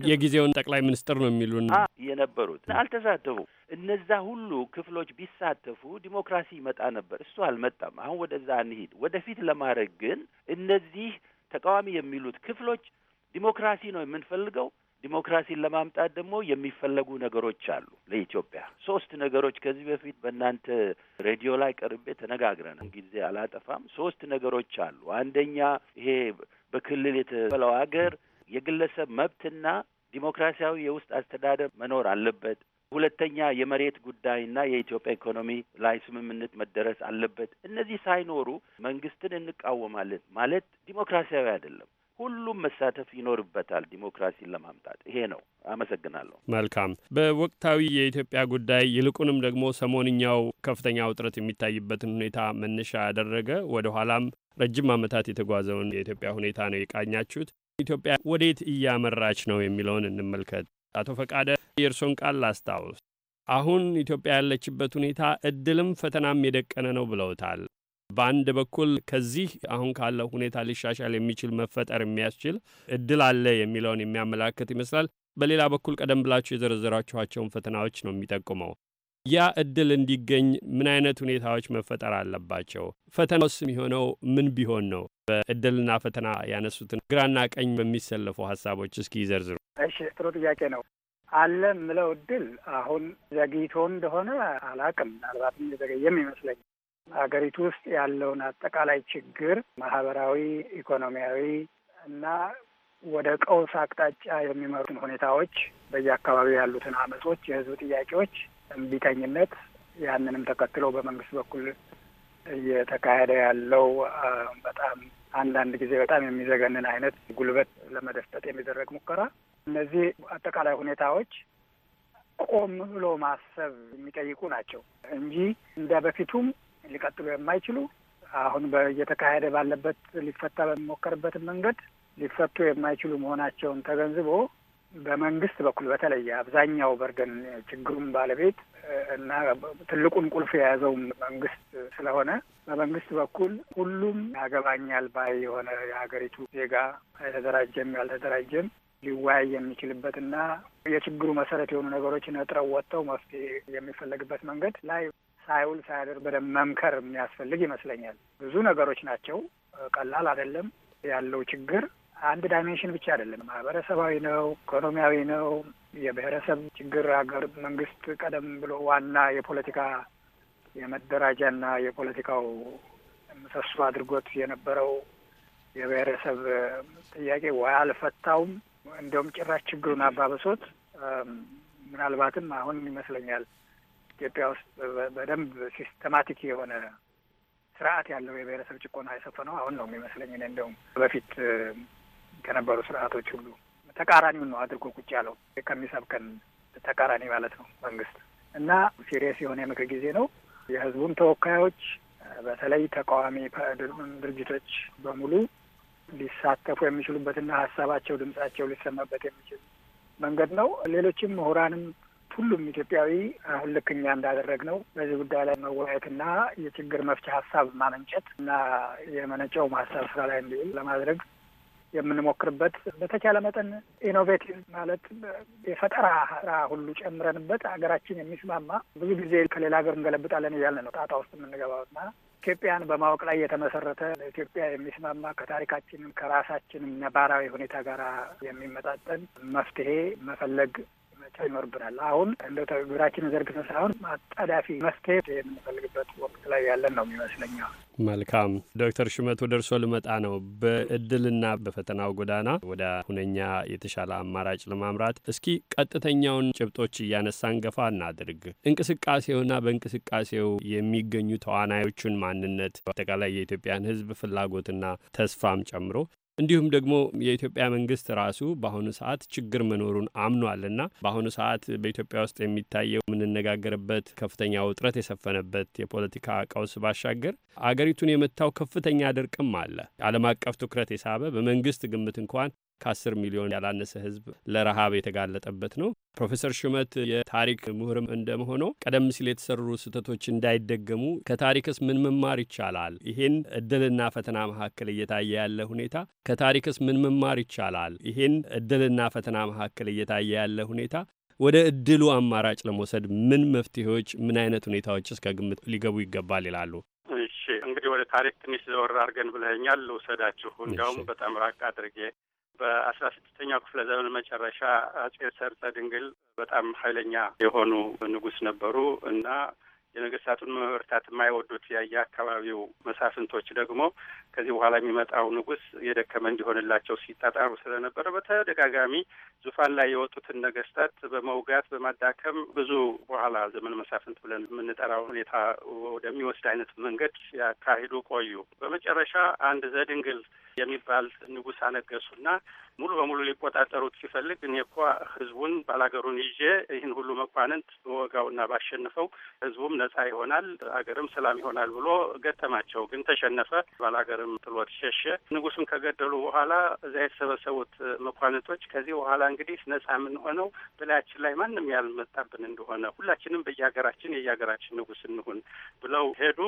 የጊዜውን ጠቅላይ ሚኒስትር ነው የሚሉን የነበሩት አልተሳተፉም። እነዛ ሁሉ ክፍሎች ቢሳተፉ ዲሞክራሲ ይመጣ ነበር። እሱ አልመጣም። አሁን ወደዛ እንሂድ። ወደፊት ለማድረግ ግን እነዚህ ተቃዋሚ የሚሉት ክፍሎች ዲሞክራሲ ነው የምንፈልገው፣ ዲሞክራሲን ለማምጣት ደግሞ የሚፈለጉ ነገሮች አሉ። ለኢትዮጵያ ሶስት ነገሮች ከዚህ በፊት በእናንተ ሬዲዮ ላይ ቀርቤ ተነጋግረን ጊዜ አላጠፋም። ሶስት ነገሮች አሉ። አንደኛ ይሄ በክልል የተበለው ሀገር የግለሰብ መብትና ዲሞክራሲያዊ የውስጥ አስተዳደር መኖር አለበት። ሁለተኛ የመሬት ጉዳይና የኢትዮጵያ ኢኮኖሚ ላይ ስምምነት መደረስ አለበት። እነዚህ ሳይኖሩ መንግስትን እንቃወማለን ማለት ዲሞክራሲያዊ አይደለም። ሁሉም መሳተፍ ይኖርበታል ዲሞክራሲን ለማምጣት። ይሄ ነው። አመሰግናለሁ። መልካም። በወቅታዊ የኢትዮጵያ ጉዳይ ይልቁንም ደግሞ ሰሞንኛው ከፍተኛ ውጥረት የሚታይበትን ሁኔታ መነሻ ያደረገ ወደ ኋላም ረጅም ዓመታት የተጓዘውን የኢትዮጵያ ሁኔታ ነው የቃኛችሁት። ኢትዮጵያ ወዴት እያመራች ነው የሚለውን እንመልከት። አቶ ፈቃደ የእርሶን ቃል ላስታውስ። አሁን ኢትዮጵያ ያለችበት ሁኔታ እድልም ፈተናም የደቀነ ነው ብለውታል። በአንድ በኩል ከዚህ አሁን ካለው ሁኔታ ሊሻሻል የሚችል መፈጠር የሚያስችል እድል አለ የሚለውን የሚያመላክት ይመስላል። በሌላ በኩል ቀደም ብላችሁ የዘረዘራችኋቸውን ፈተናዎች ነው የሚጠቁመው። ያ እድል እንዲገኝ ምን አይነት ሁኔታዎች መፈጠር አለባቸው? ፈተናውስ የሚሆነው ምን ቢሆን ነው? በእድልና ፈተና ያነሱትን ግራና ቀኝ በሚሰለፉ ሀሳቦች እስኪ ይዘርዝሩ። እሺ፣ ጥሩ ጥያቄ ነው። አለ የምለው እድል አሁን ዘግይቶ እንደሆነ አላቅም። ምናልባትም የዘገየም ይመስለኛል አገሪቱ ውስጥ ያለውን አጠቃላይ ችግር ማህበራዊ፣ ኢኮኖሚያዊ እና ወደ ቀውስ አቅጣጫ የሚመሩትን ሁኔታዎች፣ በየአካባቢው ያሉትን አመጾች፣ የህዝብ ጥያቄዎች፣ እምቢተኝነት ያንንም ተከትሎ በመንግስት በኩል እየተካሄደ ያለው በጣም አንዳንድ ጊዜ በጣም የሚዘገንን አይነት ጉልበት ለመደፍጠጥ የሚደረግ ሙከራ፣ እነዚህ አጠቃላይ ሁኔታዎች ቆም ብሎ ማሰብ የሚጠይቁ ናቸው እንጂ እንደ በፊቱም ሊቀጥሉ የማይችሉ አሁን እየተካሄደ ባለበት ሊፈታ በሚሞከርበት መንገድ ሊፈቱ የማይችሉ መሆናቸውን ተገንዝቦ በመንግስት በኩል በተለይ አብዛኛው በርደን ችግሩን ባለቤት እና ትልቁን ቁልፍ የያዘውም መንግስት ስለሆነ በመንግስት በኩል ሁሉም ያገባኛል ባይ የሆነ የሀገሪቱ ዜጋ የተደራጀም ያልተደራጀም ሊወያይ የሚችልበትና የችግሩ መሰረት የሆኑ ነገሮችን እጥረው ወጥተው መፍትሄ የሚፈለግበት መንገድ ላይ ሳይውል ሳያድር በደንብ መምከር የሚያስፈልግ ይመስለኛል። ብዙ ነገሮች ናቸው፣ ቀላል አይደለም። ያለው ችግር አንድ ዳይሜንሽን ብቻ አይደለም። ማህበረሰባዊ ነው፣ ኢኮኖሚያዊ ነው። የብሔረሰብ ችግር ሀገር መንግስት ቀደም ብሎ ዋና የፖለቲካ የመደራጃና የፖለቲካው ምሰሶ አድርጎት የነበረው የብሔረሰብ ጥያቄ ወይ አልፈታውም፣ እንዲሁም ጭራሽ ችግሩን አባበሶት። ምናልባትም አሁን ይመስለኛል ኢትዮጵያ ውስጥ በደንብ ሲስተማቲክ የሆነ ስርዓት ያለው የብሔረሰብ ጭቆና የሰፈነው አሁን ነው የሚመስለኝ። እኔ እንደውም በፊት ከነበሩ ስርዓቶች ሁሉ ተቃራኒውን ነው አድርጎ ቁጭ ያለው ከሚሰብከን ተቃራኒ ማለት ነው መንግስት እና ሲሪየስ የሆነ የምክር ጊዜ ነው። የህዝቡም ተወካዮች በተለይ ተቃዋሚ ድርጅቶች በሙሉ ሊሳተፉ የሚችሉበትና ሀሳባቸው ድምጻቸው ሊሰማበት የሚችል መንገድ ነው። ሌሎችም ምሁራንም ሁሉም ኢትዮጵያዊ አሁን ልክ እኛ ነው በዚህ ጉዳይ ላይ መወያየትና የችግር መፍቻ ሀሳብ ማመንጨት እና የመነጨው ሀሳብ ስራ ላይ እንዲውል ለማድረግ የምንሞክርበት በተቻለ መጠን ኢኖቬቲቭ ማለት የፈጠራ ስራ ሁሉ ጨምረንበት ሀገራችን የሚስማማ ብዙ ጊዜ ከሌላ ሀገር እንገለብጣለን እያልን ነው ጣጣ ውስጥ የምንገባውና ኢትዮጵያን በማወቅ ላይ የተመሰረተ ኢትዮጵያ የሚስማማ ከታሪካችንም ከራሳችንም ነባራዊ ሁኔታ ጋር የሚመጣጠን መፍትሄ መፈለግ መቀመጫው ይኖርብናል። አሁን እንደ ተግብራችን ዘርግተን ሳይሆን አጣዳፊ መፍትሄ የምንፈልግበት ወቅት ላይ ያለን ነው የሚመስለኛው። መልካም ዶክተር ሹመት ወደ ደርሶ ልመጣ ነው። በእድልና በፈተናው ጎዳና ወደ ሁነኛ የተሻለ አማራጭ ለማምራት እስኪ ቀጥተኛውን ጭብጦች እያነሳን ገፋ እናድርግ። እንቅስቃሴውና በእንቅስቃሴው የሚገኙ ተዋናዮቹን ማንነት፣ አጠቃላይ የኢትዮጵያን ሕዝብ ፍላጎትና ተስፋም ጨምሮ እንዲሁም ደግሞ የኢትዮጵያ መንግስት ራሱ በአሁኑ ሰዓት ችግር መኖሩን አምኗልና በአሁኑ ሰዓት በኢትዮጵያ ውስጥ የሚታየው የምንነጋገርበት ከፍተኛ ውጥረት የሰፈነበት የፖለቲካ ቀውስ ባሻገር አገሪቱን የመታው ከፍተኛ ድርቅም አለ። ዓለም አቀፍ ትኩረት የሳበ በመንግስት ግምት እንኳን ከአስር ሚሊዮን ያላነሰ ህዝብ ለረሃብ የተጋለጠበት ነው። ፕሮፌሰር ሹመት የታሪክ ምሁርም እንደመሆነው ቀደም ሲል የተሰሩ ስህተቶች እንዳይደገሙ ከታሪክስ ምን መማር ይቻላል? ይሄን እድልና ፈተና መካከል እየታየ ያለ ሁኔታ ከታሪክስ ምን መማር ይቻላል? ይሄን እድልና ፈተና መካከል እየታየ ያለ ሁኔታ ወደ እድሉ አማራጭ ለመውሰድ ምን መፍትሄዎች፣ ምን አይነት ሁኔታዎችስ ከግምት ሊገቡ ይገባል ይላሉ? እሺ እንግዲህ ወደ ታሪክ ትንሽ ዘወር አድርገን ብለኛል ልውሰዳችሁ እንዲያውም በጣም ራቅ አድርጌ በአስራ ስድስተኛው ክፍለ ዘመን መጨረሻ አጼ ሰርጸ ድንግል በጣም ኃይለኛ የሆኑ ንጉስ ነበሩ እና የነገስታቱን መበርታት የማይወዱት ያየ አካባቢው መሳፍንቶች ደግሞ ከዚህ በኋላ የሚመጣው ንጉስ የደከመ እንዲሆንላቸው ሲጣጣሩ ስለነበረ በተደጋጋሚ ዙፋን ላይ የወጡትን ነገስታት በመውጋት በማዳከም ብዙ በኋላ ዘመን መሳፍንት ብለን የምንጠራው ሁኔታ ወደሚወስድ አይነት መንገድ ያካሂዱ ቆዩ። በመጨረሻ አንድ ዘድንግል የሚባል ንጉሥ አነገሱና ሙሉ በሙሉ ሊቆጣጠሩት ሲፈልግ እኔ እኳ ህዝቡን ባላገሩን ይዤ ይህን ሁሉ መኳንንት በወጋውና ባሸንፈው ህዝቡም ነጻ ይሆናል፣ አገርም ሰላም ይሆናል ብሎ ገጠማቸው። ግን ተሸነፈ። ባላገርም ጥሎት ሸሸ። ንጉሱን ከገደሉ በኋላ እዛ የተሰበሰቡት መኳንንቶች ከዚህ በኋላ እንግዲህ ነጻ የምንሆነው በላያችን ላይ ማንም ያልመጣብን እንደሆነ ሁላችንም በየሀገራችን የየሀገራችን ንጉስ እንሁን ብለው ሄዱ።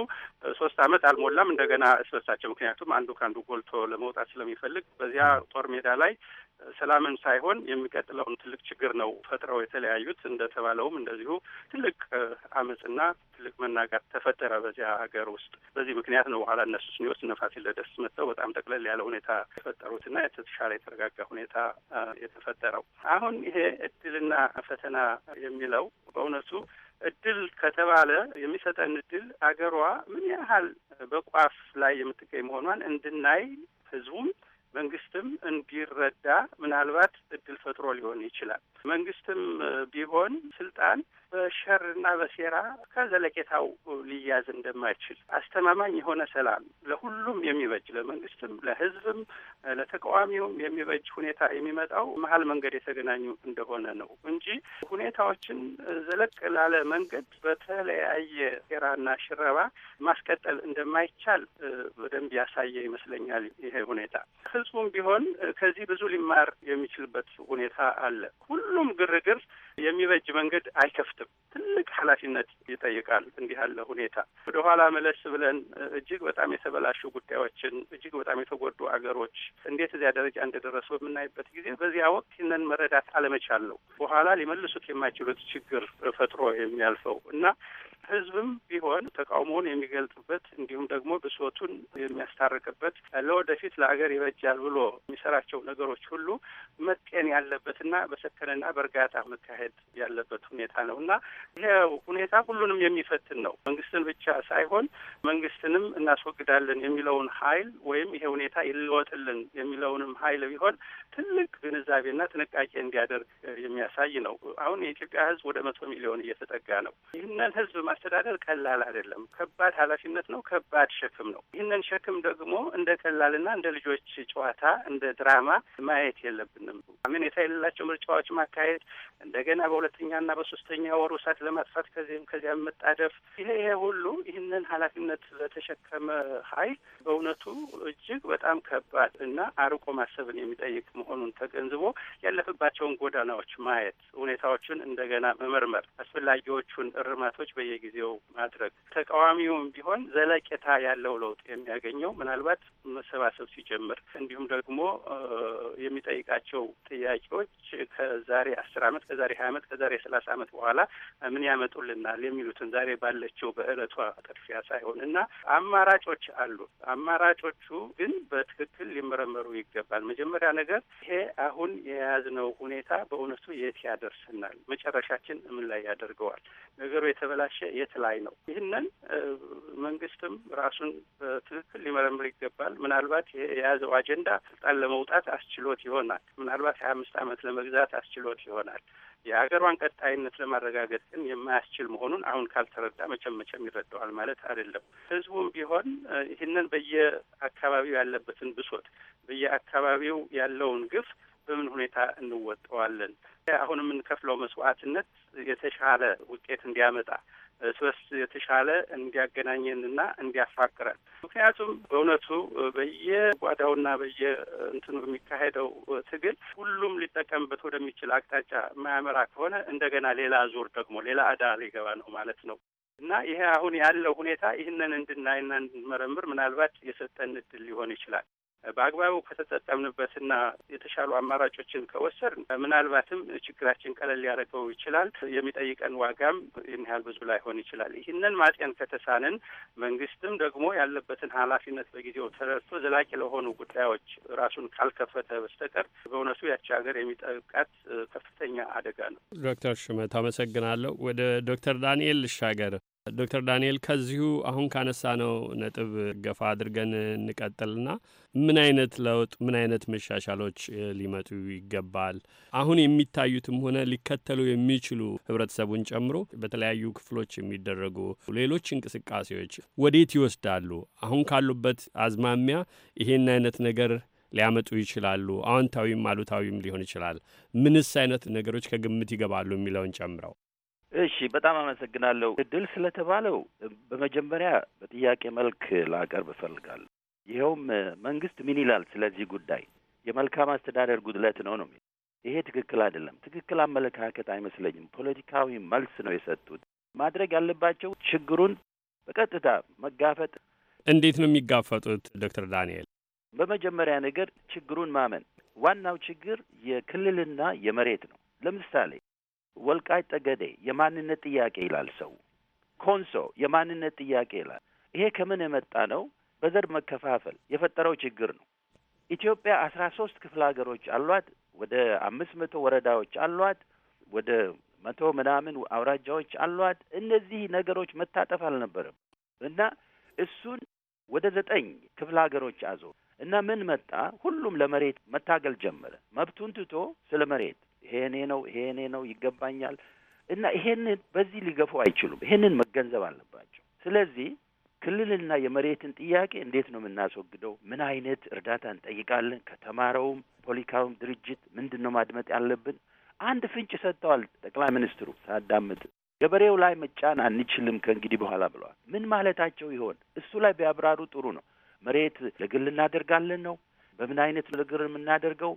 ሶስት አመት አልሞላም እንደገና እስበሳቸው ምክንያቱም አንዱ ከአንዱ ጎልቶ መውጣት ስለሚፈልግ በዚያ ጦር ሜዳ ላይ ሰላምን ሳይሆን የሚቀጥለውን ትልቅ ችግር ነው ፈጥረው የተለያዩት። እንደተባለውም እንደዚሁ ትልቅ አመፅና ትልቅ መናጋት ተፈጠረ በዚያ ሀገር ውስጥ። በዚህ ምክንያት ነው በኋላ እነሱ ስኒዎች እነ ፋሲለደስ መጥተው በጣም ጠቅለል ያለ ሁኔታ የተፈጠሩትና የተሻለ የተረጋጋ ሁኔታ የተፈጠረው። አሁን ይሄ እድልና ፈተና የሚለው በእውነቱ እድል ከተባለ የሚሰጠን እድል አገሯ ምን ያህል በቋፍ ላይ የምትገኝ መሆኗን እንድናይ ህዝቡም መንግስትም እንዲረዳ ምናልባት እድል ፈጥሮ ሊሆን ይችላል። መንግስትም ቢሆን ስልጣን በሸር እና በሴራ ከዘለቄታው ሊያዝ እንደማይችል አስተማማኝ የሆነ ሰላም ለሁሉም የሚበጅ ለመንግስትም፣ ለህዝብም፣ ለተቃዋሚውም የሚበጅ ሁኔታ የሚመጣው መሀል መንገድ የተገናኙ እንደሆነ ነው እንጂ ሁኔታዎችን ዘለቅ ላለ መንገድ በተለያየ ሴራና ሽረባ ማስቀጠል እንደማይቻል በደንብ ያሳየ ይመስለኛል። ይሄ ሁኔታ ህዝቡም ቢሆን ከዚህ ብዙ ሊማር የሚችልበት ሁኔታ አለ። ሁሉም ግርግር የሚበጅ መንገድ አይከፍትም። አይወስድም። ትልቅ ኃላፊነት ይጠይቃል። እንዲህ ያለ ሁኔታ ወደ ኋላ መለስ ብለን እጅግ በጣም የተበላሹ ጉዳዮችን፣ እጅግ በጣም የተጎዱ አገሮች እንዴት እዚያ ደረጃ እንደደረሱ በምናይበት ጊዜ በዚያ ወቅት ይህንን መረዳት አለመቻል ነው በኋላ ሊመልሱት የማይችሉት ችግር ፈጥሮ የሚያልፈው እና ህዝብም ቢሆን ተቃውሞውን የሚገልጽበት እንዲሁም ደግሞ ብሶቱን የሚያስታርቅበት ለወደፊት ለሀገር ይበጃል ብሎ የሚሰራቸው ነገሮች ሁሉ መጤን ያለበትና በሰከነና በእርጋታ መካሄድ ያለበት ሁኔታ ነው እና ይሄ ሁኔታ ሁሉንም የሚፈትን ነው። መንግስትን ብቻ ሳይሆን መንግስትንም እናስወግዳለን የሚለውን ኃይል ወይም ይሄ ሁኔታ ይለወጥልን የሚለውንም ኃይል ቢሆን ትልቅ ግንዛቤና ጥንቃቄ እንዲያደርግ የሚያሳይ ነው። አሁን የኢትዮጵያ ህዝብ ወደ መቶ ሚሊዮን እየተጠጋ ነው። ይህንን ህዝብ ማስተዳደር ቀላል አይደለም። ከባድ ኃላፊነት ነው። ከባድ ሸክም ነው። ይህንን ሸክም ደግሞ እንደ ቀላልና እንደ ልጆች ጨዋታ እንደ ድራማ ማየት የለብንም። አመኔታ የሌላቸው ምርጫዎች ማካሄድ፣ እንደገና በሁለተኛና በሶስተኛ ወሩ እሳት ለማጥፋት ከዚህም ከዚያም መጣደፍ፣ ይሄ ይሄ ሁሉ ይህንን ኃላፊነት ለተሸከመ ኃይል በእውነቱ እጅግ በጣም ከባድ እና አርቆ ማሰብን የሚጠይቅ መሆኑን ተገንዝቦ ያለፈባቸውን ጎዳናዎች ማየት፣ ሁኔታዎቹን እንደገና መመርመር፣ አስፈላጊዎቹን እርማቶች በየ በየጊዜው ማድረግ ተቃዋሚውም ቢሆን ዘለቄታ ያለው ለውጥ የሚያገኘው ምናልባት መሰባሰብ ሲጀምር እንዲሁም ደግሞ የሚጠይቃቸው ጥያቄዎች ከዛሬ አስር አመት ከዛሬ ሀያ አመት ከዛሬ ሰላሳ አመት በኋላ ምን ያመጡልናል የሚሉትን ዛሬ ባለችው በእለቷ ጥርፊያ ሳይሆን እና አማራጮች አሉ። አማራጮቹ ግን በትክክል ሊመረመሩ ይገባል። መጀመሪያ ነገር ይሄ አሁን የያዝነው ሁኔታ በእውነቱ የት ያደርስናል? መጨረሻችን ምን ላይ ያደርገዋል? ነገሩ የተበላሸ የት ላይ ነው? ይህንን መንግስትም ራሱን በትክክል ሊመረምር ይገባል። ምናልባት የያዘው አጀንዳ ስልጣን ለመውጣት አስችሎት ይሆናል። ምናልባት ሀያ አምስት አመት ለመግዛት አስችሎት ይሆናል። የሀገሯን ቀጣይነት ለማረጋገጥ ግን የማያስችል መሆኑን አሁን ካልተረዳ መቼም መቼም ይረዳዋል ማለት አይደለም። ህዝቡም ቢሆን ይህንን በየአካባቢው ያለበትን ብሶት በየአካባቢው ያለውን ግፍ በምን ሁኔታ እንወጠዋለን? አሁን የምንከፍለው መስዋዕትነት የተሻለ ውጤት እንዲያመጣ ስበስ የተሻለ እንዲያገናኘንና እንዲያፋቅረን ምክንያቱም በእውነቱ በየጓዳውና በየእንትኑ የሚካሄደው ትግል ሁሉም ሊጠቀምበት ወደሚችል አቅጣጫ የማያመራ ከሆነ እንደገና ሌላ ዙር ደግሞ ሌላ አዳ ሊገባ ነው ማለት ነው እና ይሄ አሁን ያለው ሁኔታ ይህንን እንድናይና እንድንመረምር ምናልባት የሰጠን እድል ሊሆን ይችላል። በአግባቡ ከተጠቀምንበትና የተሻሉ አማራጮችን ከወሰድ ምናልባትም ችግራችን ቀለል ሊያደርገው ይችላል። የሚጠይቀን ዋጋም ይህን ያህል ብዙ ላይሆን ይችላል። ይህንን ማጤን ከተሳንን መንግስትም ደግሞ ያለበትን ኃላፊነት በጊዜው ተረድቶ ዘላቂ ለሆኑ ጉዳዮች ራሱን ካልከፈተ በስተቀር በእውነቱ ያቺ ሀገር የሚጠብቃት ከፍተኛ አደጋ ነው። ዶክተር ሹመት አመሰግናለሁ። ወደ ዶክተር ዳንኤል ልሻገር። ዶክተር ዳንኤል ከዚሁ አሁን ካነሳ ነው ነጥብ ገፋ አድርገን እንቀጥልና ምን አይነት ለውጥ ምን አይነት መሻሻሎች ሊመጡ ይገባል? አሁን የሚታዩትም ሆነ ሊከተሉ የሚችሉ ህብረተሰቡን ጨምሮ በተለያዩ ክፍሎች የሚደረጉ ሌሎች እንቅስቃሴዎች ወዴት ይወስዳሉ? አሁን ካሉበት አዝማሚያ ይሄን አይነት ነገር ሊያመጡ ይችላሉ። አዎንታዊም አሉታዊም ሊሆን ይችላል። ምንስ አይነት ነገሮች ከግምት ይገባሉ የሚለውን ጨምረው እሺ በጣም አመሰግናለሁ እድል ስለተባለው በመጀመሪያ በጥያቄ መልክ ላቀርብ እፈልጋለሁ። ይኸውም መንግስት ምን ይላል ስለዚህ ጉዳይ የመልካም አስተዳደር ጉድለት ነው ነው ይሄ ትክክል አይደለም። ትክክል አመለካከት አይመስለኝም። ፖለቲካዊ መልስ ነው የሰጡት። ማድረግ ያለባቸው ችግሩን በቀጥታ መጋፈጥ። እንዴት ነው የሚጋፈጡት ዶክተር ዳንኤል? በመጀመሪያ ነገር ችግሩን ማመን። ዋናው ችግር የክልልና የመሬት ነው። ለምሳሌ ወልቃይ ጠገዴ የማንነት ጥያቄ ይላል ሰው። ኮንሶ የማንነት ጥያቄ ይላል። ይሄ ከምን የመጣ ነው? በዘር መከፋፈል የፈጠረው ችግር ነው። ኢትዮጵያ አስራ ሶስት ክፍለ ሀገሮች አሏት። ወደ አምስት መቶ ወረዳዎች አሏት። ወደ መቶ ምናምን አውራጃዎች አሏት። እነዚህ ነገሮች መታጠፍ አልነበረም እና እሱን ወደ ዘጠኝ ክፍለ ሀገሮች አዞ እና ምን መጣ? ሁሉም ለመሬት መታገል ጀመረ። መብቱን ትቶ ስለ መሬት ይሄ እኔ ነው፣ ይሄ እኔ ነው፣ ይገባኛል እና ይሄንን በዚህ ሊገፉ አይችሉም። ይሄንን መገንዘብ አለባቸው። ስለዚህ ክልልና የመሬትን ጥያቄ እንዴት ነው የምናስወግደው? ምን አይነት እርዳታ እንጠይቃለን? ከተማረውም ፖለቲካውም ድርጅት ምንድን ነው ማድመጥ ያለብን? አንድ ፍንጭ ሰጥተዋል ጠቅላይ ሚኒስትሩ ሳዳምጥ ገበሬው ላይ መጫን አንችልም ከእንግዲህ በኋላ ብለዋል። ምን ማለታቸው ይሆን? እሱ ላይ ቢያብራሩ ጥሩ ነው። መሬት ለግል እናደርጋለን ነው? በምን አይነት ነገር የምናደርገው?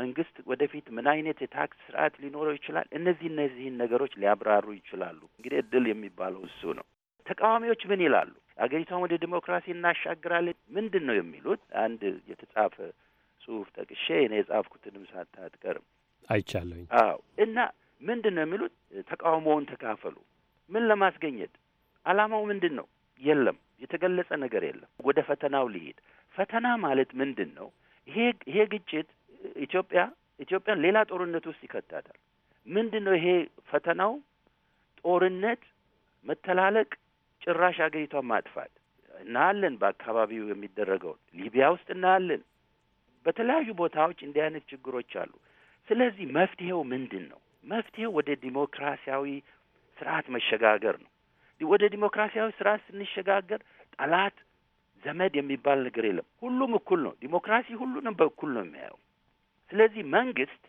መንግስት ወደፊት ምን አይነት የታክስ ስርዓት ሊኖረው ይችላል? እነዚህ እነዚህን ነገሮች ሊያብራሩ ይችላሉ። እንግዲህ እድል የሚባለው እሱ ነው። ተቃዋሚዎች ምን ይላሉ? አገሪቷን ወደ ዲሞክራሲ እናሻግራለን ምንድን ነው የሚሉት? አንድ የተጻፈ ጽሁፍ ጠቅሼ እኔ የጻፍኩትንም ሳታጥቀርም አይቻለኝ። አዎ። እና ምንድን ነው የሚሉት? ተቃውሞውን ተካፈሉ። ምን ለማስገኘት አላማው ምንድን ነው? የለም የተገለጸ ነገር የለም። ወደ ፈተናው ሊሄድ ፈተና ማለት ምንድን ነው? ይሄ ይሄ ግጭት ኢትዮጵያ ኢትዮጵያን ሌላ ጦርነት ውስጥ ይከታታል። ምንድን ነው ይሄ ፈተናው? ጦርነት፣ መተላለቅ፣ ጭራሽ አገሪቷን ማጥፋት እናያለን። በአካባቢው የሚደረገውን ሊቢያ ውስጥ እናያለን። በተለያዩ ቦታዎች እንዲህ አይነት ችግሮች አሉ። ስለዚህ መፍትሄው ምንድን ነው? መፍትሄው ወደ ዲሞክራሲያዊ ስርዓት መሸጋገር ነው። ወደ ዲሞክራሲያዊ ስርዓት ስንሸጋገር ጠላት ዘመድ የሚባል ነገር የለም። ሁሉም እኩል ነው። ዲሞክራሲ ሁሉንም በእኩል ነው የሚያየው። ስለዚህ መንግስት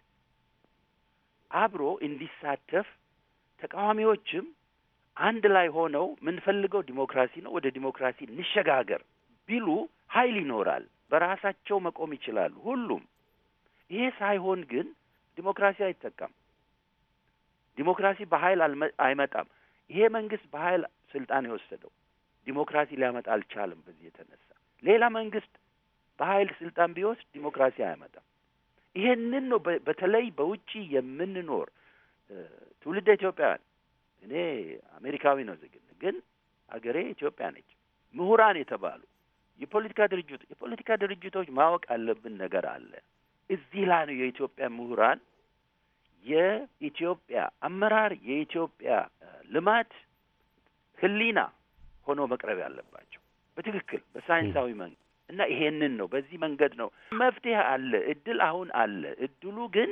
አብሮ እንዲሳተፍ ተቃዋሚዎችም አንድ ላይ ሆነው የምንፈልገው ዲሞክራሲ ነው፣ ወደ ዲሞክራሲ እንሸጋገር ቢሉ ኃይል ይኖራል። በራሳቸው መቆም ይችላሉ ሁሉም። ይሄ ሳይሆን ግን ዲሞክራሲ አይጠቀም ዲሞክራሲ በኃይል አይመጣም። ይሄ መንግስት በኃይል ስልጣን የወሰደው ዲሞክራሲ ሊያመጣ አልቻለም። በዚህ የተነሳ ሌላ መንግስት በኃይል ስልጣን ቢወስድ ዲሞክራሲ አያመጣም። ይሄንን ነው በተለይ በውጭ የምንኖር ትውልደ ኢትዮጵያውያን። እኔ አሜሪካዊ ነው ዜግን፣ ግን አገሬ ኢትዮጵያ ነች። ምሁራን የተባሉ የፖለቲካ ድርጅት የፖለቲካ ድርጅቶች ማወቅ አለብን ነገር አለ። እዚህ ላይ ነው የኢትዮጵያ ምሁራን፣ የኢትዮጵያ አመራር፣ የኢትዮጵያ ልማት ህሊና ሆኖ መቅረብ ያለባቸው በትክክል በሳይንሳዊ መንገድ እና ይሄንን ነው በዚህ መንገድ ነው መፍትሄ አለ። እድል አሁን አለ። እድሉ ግን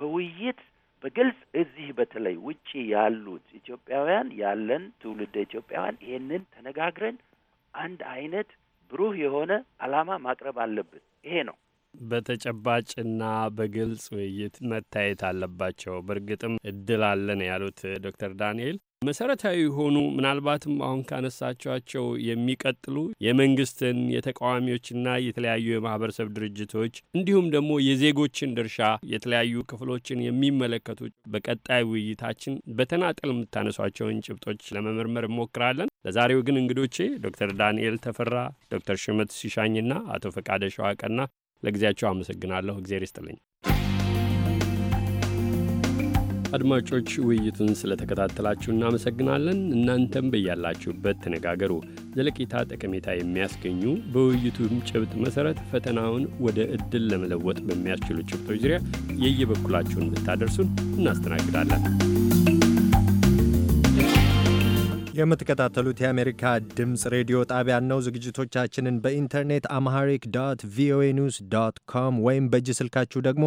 በውይይት በግልጽ እዚህ በተለይ ውጪ ያሉት ኢትዮጵያውያን ያለን ትውልደ ኢትዮጵያውያን ይሄንን ተነጋግረን አንድ አይነት ብሩህ የሆነ አላማ ማቅረብ አለብን። ይሄ ነው በተጨባጭና በግልጽ ውይይት መታየት አለባቸው። በእርግጥም እድል አለን ያሉት ዶክተር ዳንኤል መሰረታዊ የሆኑ ምናልባትም አሁን ካነሳቸኋቸው የሚቀጥሉ የመንግስትን የተቃዋሚዎችና የተለያዩ የማህበረሰብ ድርጅቶች እንዲሁም ደግሞ የዜጎችን ድርሻ የተለያዩ ክፍሎችን የሚመለከቱ በቀጣይ ውይይታችን በተናጠል የምታነሷቸውን ጭብጦች ለመመርመር እሞክራለን። ለዛሬው ግን እንግዶቼ ዶክተር ዳንኤል ተፈራ፣ ዶክተር ሽመት ሲሻኝና አቶ ፈቃደ ሸዋቀና ለጊዜያቸው አመሰግናለሁ። እግዜር ይስጥልኝ። አድማጮች ውይይቱን ስለተከታተላችሁ እናመሰግናለን። እናንተም በያላችሁበት ተነጋገሩ። ዘለቂታ ጠቀሜታ የሚያስገኙ በውይይቱም ጭብጥ መሠረት ፈተናውን ወደ ዕድል ለመለወጥ በሚያስችሉ ጭብጦች ዙሪያ የየበኩላችሁን ብታደርሱን እናስተናግዳለን። የምትከታተሉት የአሜሪካ ድምፅ ሬዲዮ ጣቢያን ነው። ዝግጅቶቻችንን በኢንተርኔት አምሃሪክ ዶት ቪኦኤ ኒውስ ዶት ኮም ወይም በእጅ ስልካችሁ ደግሞ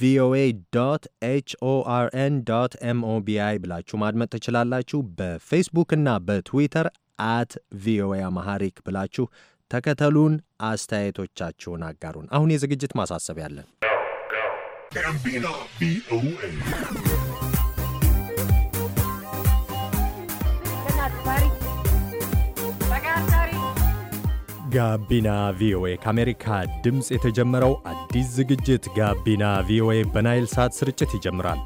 ቪኦኤ ዶት ኤችኦአርኤን ዶት ኤምኦቢአይ ብላችሁ ማድመጥ ትችላላችሁ። በፌስቡክ እና በትዊተር አት ቪኦኤ አምሃሪክ ብላችሁ ተከተሉን፣ አስተያየቶቻችሁን አጋሩን። አሁን የዝግጅት ማሳሰቢያ አለን። ጋቢና ቪኦኤ ከአሜሪካ ድምፅ የተጀመረው አዲስ ዝግጅት ጋቢና ቪኦኤ በናይል ሳት ስርጭት ይጀምራል።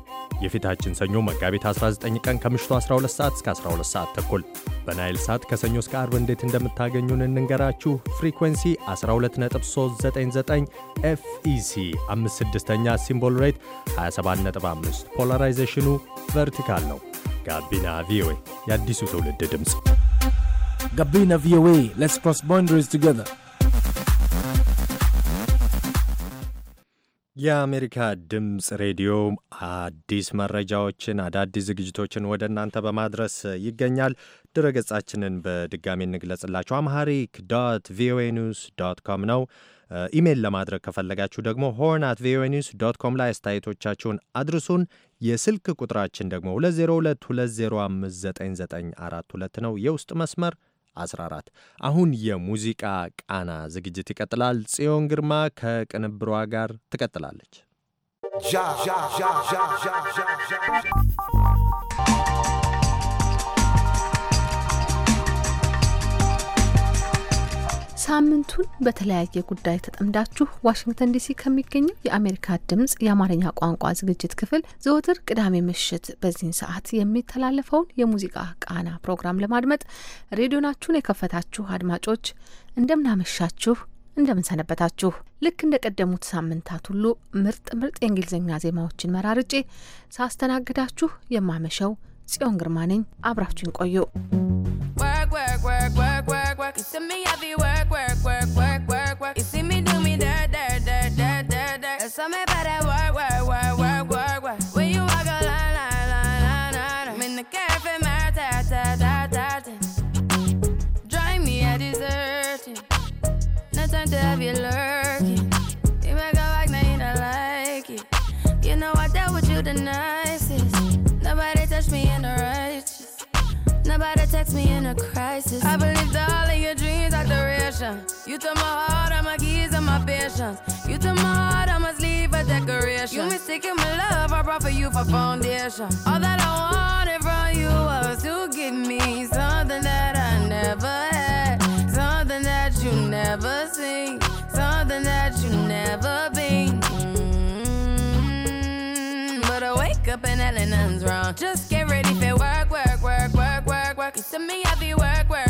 የፊታችን ሰኞ መጋቢት 19 ቀን ከምሽቱ 12 ሰዓት እስከ 12 ሰዓት ተኩል በናይል ሳት ከሰኞ እስከ አርብ እንዴት እንደምታገኙን እንንገራችሁ። ፍሪኩንሲ 12399 ኤፍኢሲ 56ኛ ሲምቦል ሬት 275 ፖላራይዜሽኑ ቨርቲካል ነው። ጋቢና ቪኦኤ የአዲሱ ትውልድ ድምፅ Gabina VOA. Let's cross boundaries together. የአሜሪካ ድምፅ ሬዲዮ አዲስ መረጃዎችን አዳዲስ ዝግጅቶችን ወደ እናንተ በማድረስ ይገኛል። ድረገጻችንን በድጋሚ እንግለጽላችሁ አምሃሪክ ዶት ቪኦኤ ኒውስ ዶት ኮም ነው። ኢሜይል ለማድረግ ከፈለጋችሁ ደግሞ ሆርን አት ቪኦኤ ኒውስ ዶት ኮም ላይ አስተያየቶቻችሁን አድርሱን። የስልክ ቁጥራችን ደግሞ 2022059942 ነው የውስጥ መስመር 14 አሁን የሙዚቃ ቃና ዝግጅት ይቀጥላል። ጽዮን ግርማ ከቅንብሯ ጋር ትቀጥላለች። ሳምንቱን በተለያየ ጉዳይ ተጠምዳችሁ ዋሽንግተን ዲሲ ከሚገኘው የአሜሪካ ድምጽ የአማርኛ ቋንቋ ዝግጅት ክፍል ዘወትር ቅዳሜ ምሽት በዚህን ሰዓት የሚተላለፈውን የሙዚቃ ቃና ፕሮግራም ለማድመጥ ሬዲዮናችሁን የከፈታችሁ አድማጮች እንደምናመሻችሁ፣ እንደምንሰነበታችሁ። ልክ እንደ ቀደሙት ሳምንታት ሁሉ ምርጥ ምርጥ የእንግሊዝኛ ዜማዎችን መራርጬ ሳስተናግዳችሁ የማመሸው ጽዮን ግርማ ነኝ። አብራችሁን ቆዩ። love you lurking. You make a like now you don't like it. You know I dealt with you the nicest. Nobody touched me in the righteous. Nobody text me in a crisis. I believed all of your dreams are duration. You took my heart, all my keys, and my patience. You took my heart, I must leave a decoration. You mistaken my love, I brought for you for foundation. All that I wanted from you was to give me telling nothing's wrong. Just get ready for work, work, work, work, work, work. You to me, I be work, work.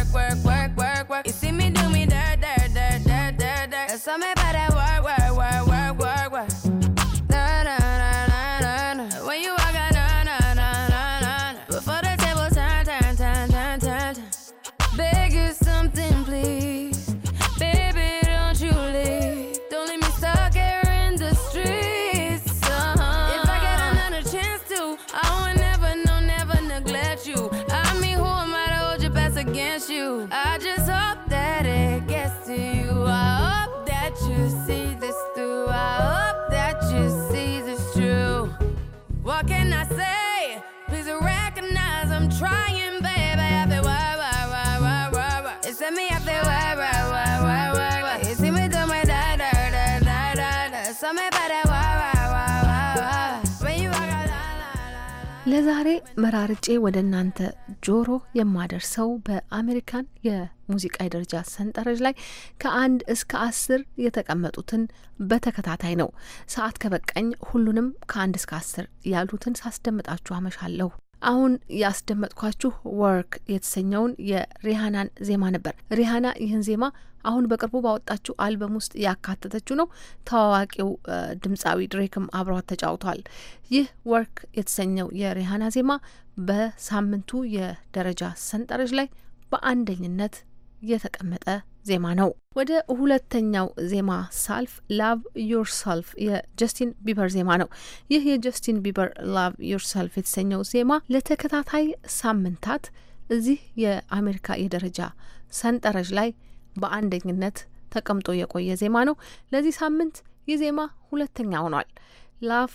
ለዛሬ መራርጬ ወደ እናንተ ጆሮ የማደርሰው በአሜሪካን የሙዚቃ ደረጃ ሰንጠረዥ ላይ ከአንድ እስከ አስር የተቀመጡትን በተከታታይ ነው። ሰዓት ከበቃኝ ሁሉንም ከአንድ እስከ አስር ያሉትን ሳስደምጣችሁ አመሻለሁ። አሁን ያስደመጥኳችሁ ወርክ የተሰኘውን የሪሃናን ዜማ ነበር። ሪሃና ይህን ዜማ አሁን በቅርቡ ባወጣችው አልበም ውስጥ ያካተተችው ነው። ታዋቂው ድምፃዊ ድሬክም አብሯት ተጫውቷል። ይህ ወርክ የተሰኘው የሪሃና ዜማ በሳምንቱ የደረጃ ሰንጠረዥ ላይ በአንደኝነት የተቀመጠ ዜማ ነው። ወደ ሁለተኛው ዜማ ሳልፍ ላቭ ዮርሰልፍ የጀስቲን ቢበር ዜማ ነው። ይህ የጀስቲን ቢበር ላቭ ዮርሰልፍ የተሰኘው ዜማ ለተከታታይ ሳምንታት እዚህ የአሜሪካ የደረጃ ሰንጠረዥ ላይ በአንደኝነት ተቀምጦ የቆየ ዜማ ነው። ለዚህ ሳምንት ይህ ዜማ ሁለተኛ ሆኗል። ላቭ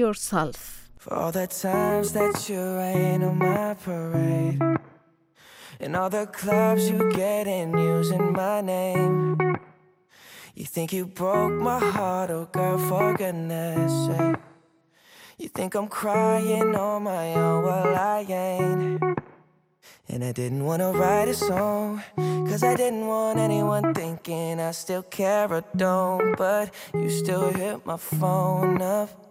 ዮርሰልፍ And all the clubs you get in using my name. You think you broke my heart, oh girl, for goodness sake. You think I'm crying on my own, well, I ain't. And I didn't wanna write a song, cause I didn't want anyone thinking I still care or don't. But you still hit my phone up.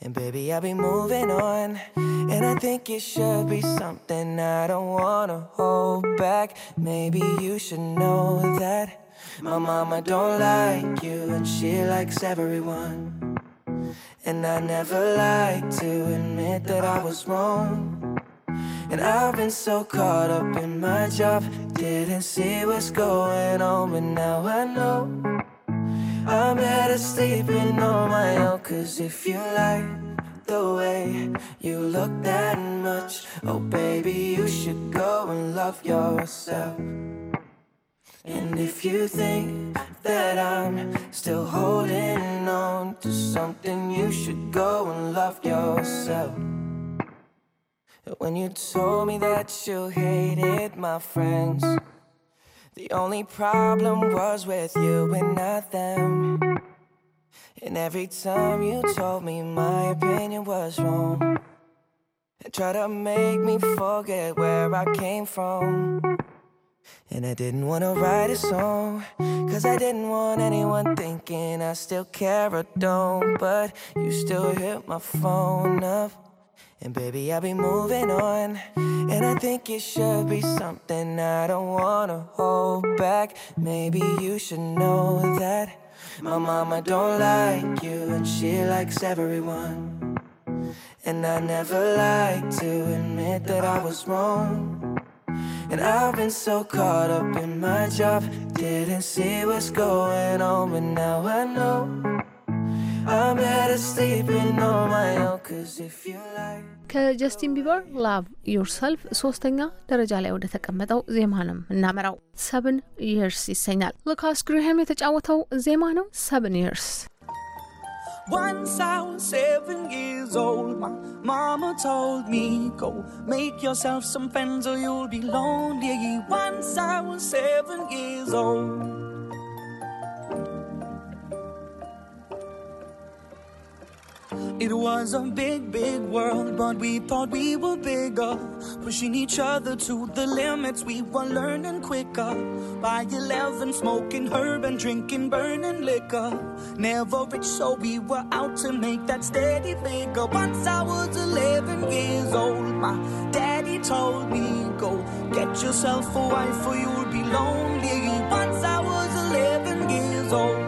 And baby, I'll be moving on. And I think it should be something I don't wanna hold back. Maybe you should know that. My mama don't like you, and she likes everyone. And I never like to admit that I was wrong. And I've been so caught up in my job, didn't see what's going on, but now I know. I'm better sleeping on my own. Cause if you like the way you look that much, oh baby, you should go and love yourself. And if you think that I'm still holding on to something, you should go and love yourself. When you told me that you hated my friends. The only problem was with you and not them. And every time you told me my opinion was wrong, and tried to make me forget where I came from. And I didn't wanna write a song, cause I didn't want anyone thinking I still care or don't. But you still hit my phone up and baby, I'll be moving on. And I think it should be something I don't wanna hold back. Maybe you should know that my mama don't like you, and she likes everyone. And I never like to admit that I was wrong. And I've been so caught up in my job, didn't see what's going on, but now I know. ከጀስቲን ቢበር ላቭ ዮርሰልፍ ሶስተኛ ደረጃ ላይ ወደ ተቀመጠው ዜማ ነው እናመራው። ሰብን ይርስ ይሰኛል። ሉካስ ግሪሃም የተጫወተው ዜማ ነው። ሰብን ይርስ Once I was seven years old, my mama told me, Go make yourself some friends or you'll be lonely. Once I was seven years old. It was a big, big world, but we thought we were bigger. Pushing each other to the limits, we were learning quicker. By 11, smoking herb and drinking burning liquor. Never rich, so we were out to make that steady figure. Once I was 11 years old, my daddy told me, Go get yourself a wife, or you'll be lonely. Once I was 11 years old.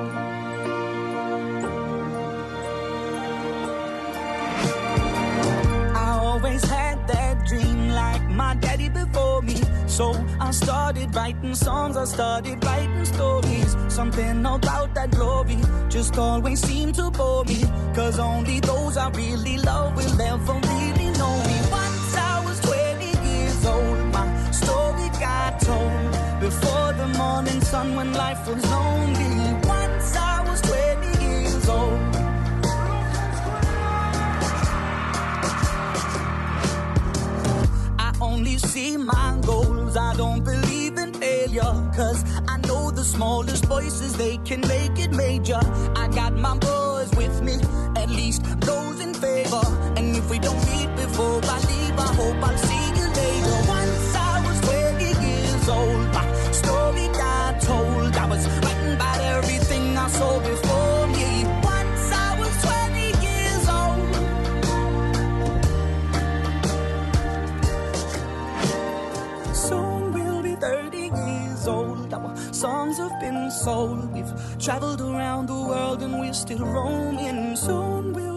always had that dream, like my daddy before me. So I started writing songs, I started writing stories. Something about that glory just always seemed to bore me. Cause only those I really love will ever really know me. Once I was 20 years old, my story got told. Before the morning sun, when life was lonely. Once I was 20 only see my goals. I don't believe in failure, cause I know the smallest voices, they can make it major. I got my boys with me, at least those in favor. And if we don't meet before I leave, I hope I'll see you later. Once I was 20 years old, my story got told. I was frightened by everything I saw before. songs have been sold. We've traveled around the world and we're still roaming. Soon we'll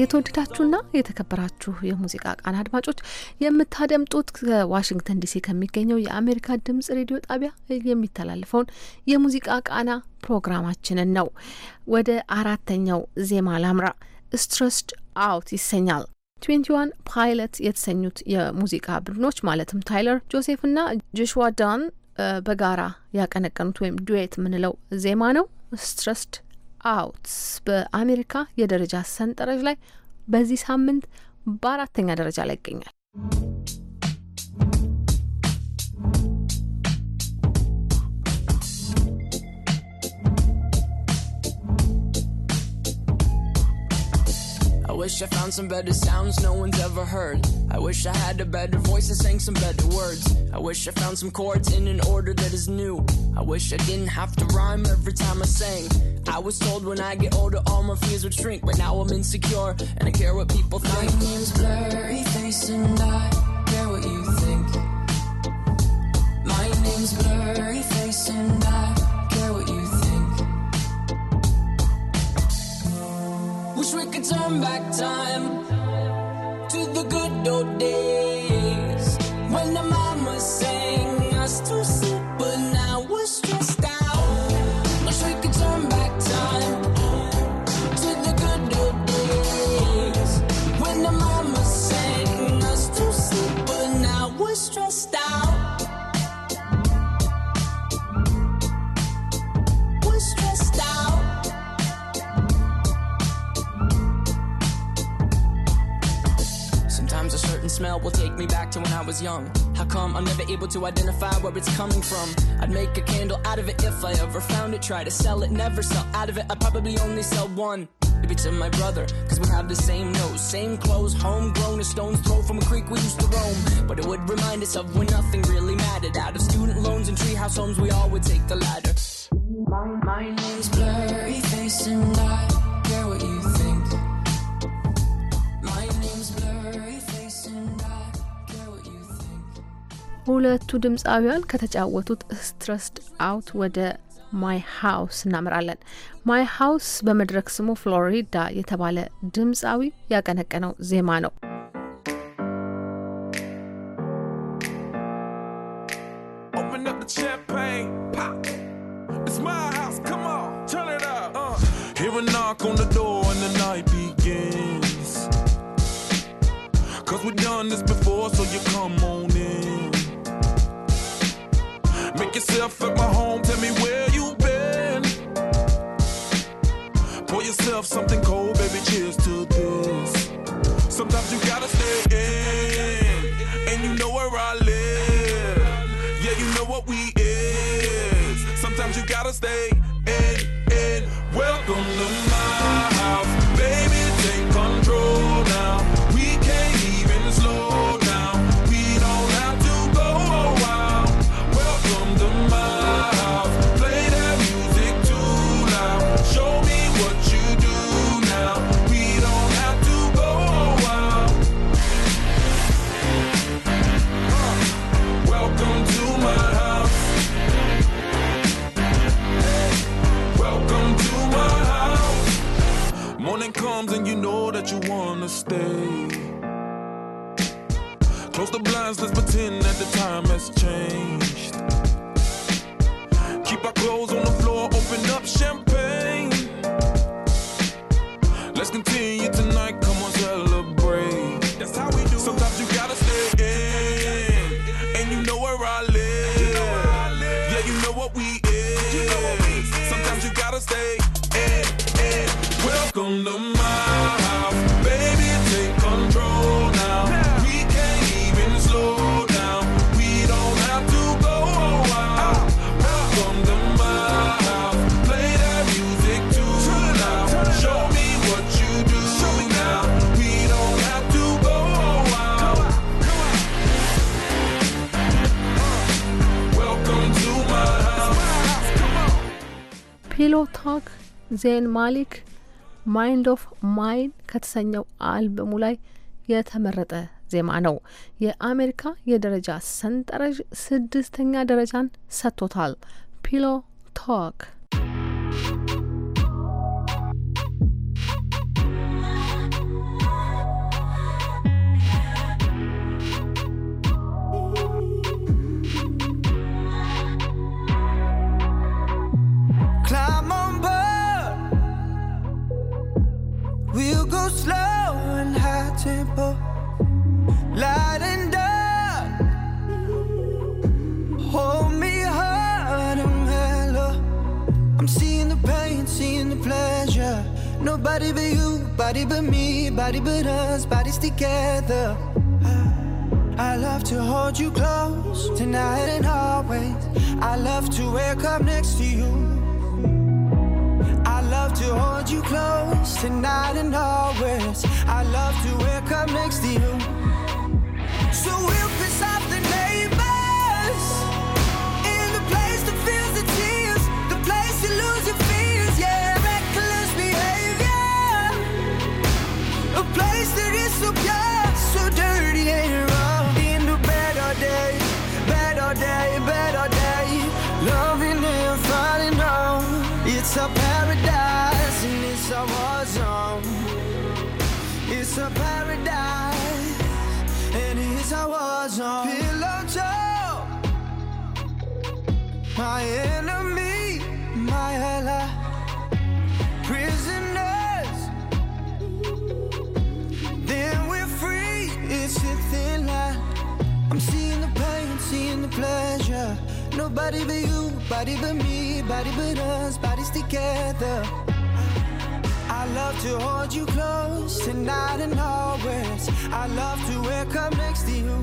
የተወደዳችሁና የተከበራችሁ የሙዚቃ ቃና አድማጮች የምታደምጡት ከዋሽንግተን ዲሲ ከሚገኘው የአሜሪካ ድምጽ ሬዲዮ ጣቢያ የሚተላለፈውን የሙዚቃ ቃና ፕሮግራማችንን ነው። ወደ አራተኛው ዜማ ላምራ። ስትረስድ አውት ይሰኛል። ትዌንቲ ዋን ፓይለት የተሰኙት የሙዚቃ ቡድኖች ማለትም ታይለር ጆሴፍና ጆሽዋ ዳን በጋራ ያቀነቀኑት ወይም ዱዌት የምንለው ዜማ ነው። ስትረስድ አውት በአሜሪካ የደረጃ ሰንጠረዥ ላይ በዚህ ሳምንት በአራተኛ ደረጃ ላይ ይገኛል። I wish I found some better sounds no one's ever heard. I wish I had a better voice and sang some better words. I wish I found some chords in an order that is new. I wish I didn't have to rhyme every time I sang. I was told when I get older all my fears would shrink, but now I'm insecure and I care what people think. My name's Blurry Face and I care what you think. My name's Blurry Face and I turn back time to the good old days. will take me back to when I was young. How come I'm never able to identify where it's coming from? I'd make a candle out of it if I ever found it. Try to sell it, never sell out of it. I probably only sell one. Maybe to my brother, cause we have the same nose, same clothes, homegrown, a stone's throw from a creek we used to roam. But it would remind us of when nothing really mattered. Out of student loans and treehouse homes, we all would take the ladder. My, my name's Blurry Face and I. ሁለቱ ድምፃዊያን ከተጫወቱት ስትረስድ አውት ወደ ማይ ሀውስ እናምራለን። ማይ ሀውስ በመድረክ ስሙ ፍሎሪዳ የተባለ ድምፃዊ ያቀነቀነው ዜማ ነው። Cause we've done this before, so you come on yourself at my home, tell me where you been. Pour yourself something cold, baby, cheers to this. Sometimes you gotta stay in, and you know where I live. Yeah, you know what we is. Sometimes you gotta stay in, in. Welcome to and you know that you wanna stay. Close the blinds, let's pretend that the time has changed. Keep our clothes on the floor, open up champagne. Let's continue tonight, come on, celebrate. That's how we do. Sometimes you gotta stay in, and you know where I live. Yeah, you know what we is. Sometimes you gotta stay in, Welcome to ፒሎ ታክ ዜን ማሊክ ማይንድ ኦፍ ማይን ከተሰኘው አልበሙ ላይ የተመረጠ ዜማ ነው። የአሜሪካ የደረጃ ሰንጠረዥ ስድስተኛ ደረጃን ሰጥቶታል። ፒሎ ታክ go slow and high tempo, light and dark. Hold me hard and mellow. I'm seeing the pain, seeing the pleasure. Nobody but you, body but me, body but us, bodies together. I love to hold you close tonight and always. I love to wake up next to you love to hold you close tonight and always. I love to wake up next to you. So we'll piss off the neighbors in the place that feels the tears, the place you lose your fears. Yeah, reckless behavior, a place that is so pure. war zone. Pillow talk. My enemy, my ally. Prisoners. Then we're free. It's a thin line. I'm seeing the pain, seeing the pleasure. Nobody but you, body but me, body but us, bodies together. I love to hold you close tonight and always. I love to wake up next to you.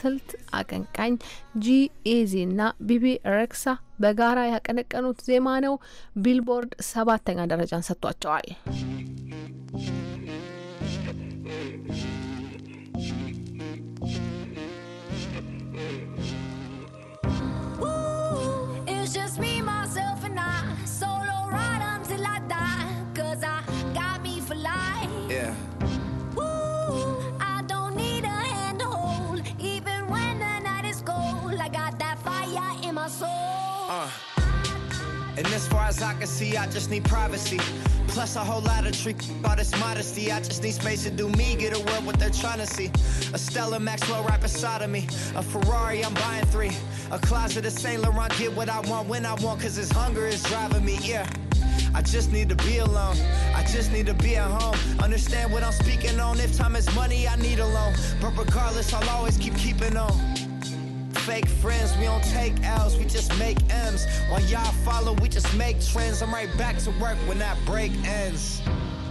ስልት አቀንቃኝ ኤዚ እና ቢቢ ረክሳ በጋራ ያቀነቀኑት ዜማ ነው። ቢልቦርድ ሰባተኛ ደረጃን ሰጥቷቸዋል። soul. Uh. And as far as I can see, I just need privacy. Plus a whole lot of trick about this modesty. I just need space to do me, get away what they're trying to see. A Stella Maxwell right beside of me. A Ferrari, I'm buying three. A closet of Saint Laurent, get what I want when I want, cause this hunger is driving me, yeah. I just need to be alone. I just need to be at home. Understand what I'm speaking on. If time is money, I need a loan. But regardless, I'll always keep keeping on fake friends. We don't take L's, we just make M's. While y'all follow, we just make trends. I'm right back to work when that break ends.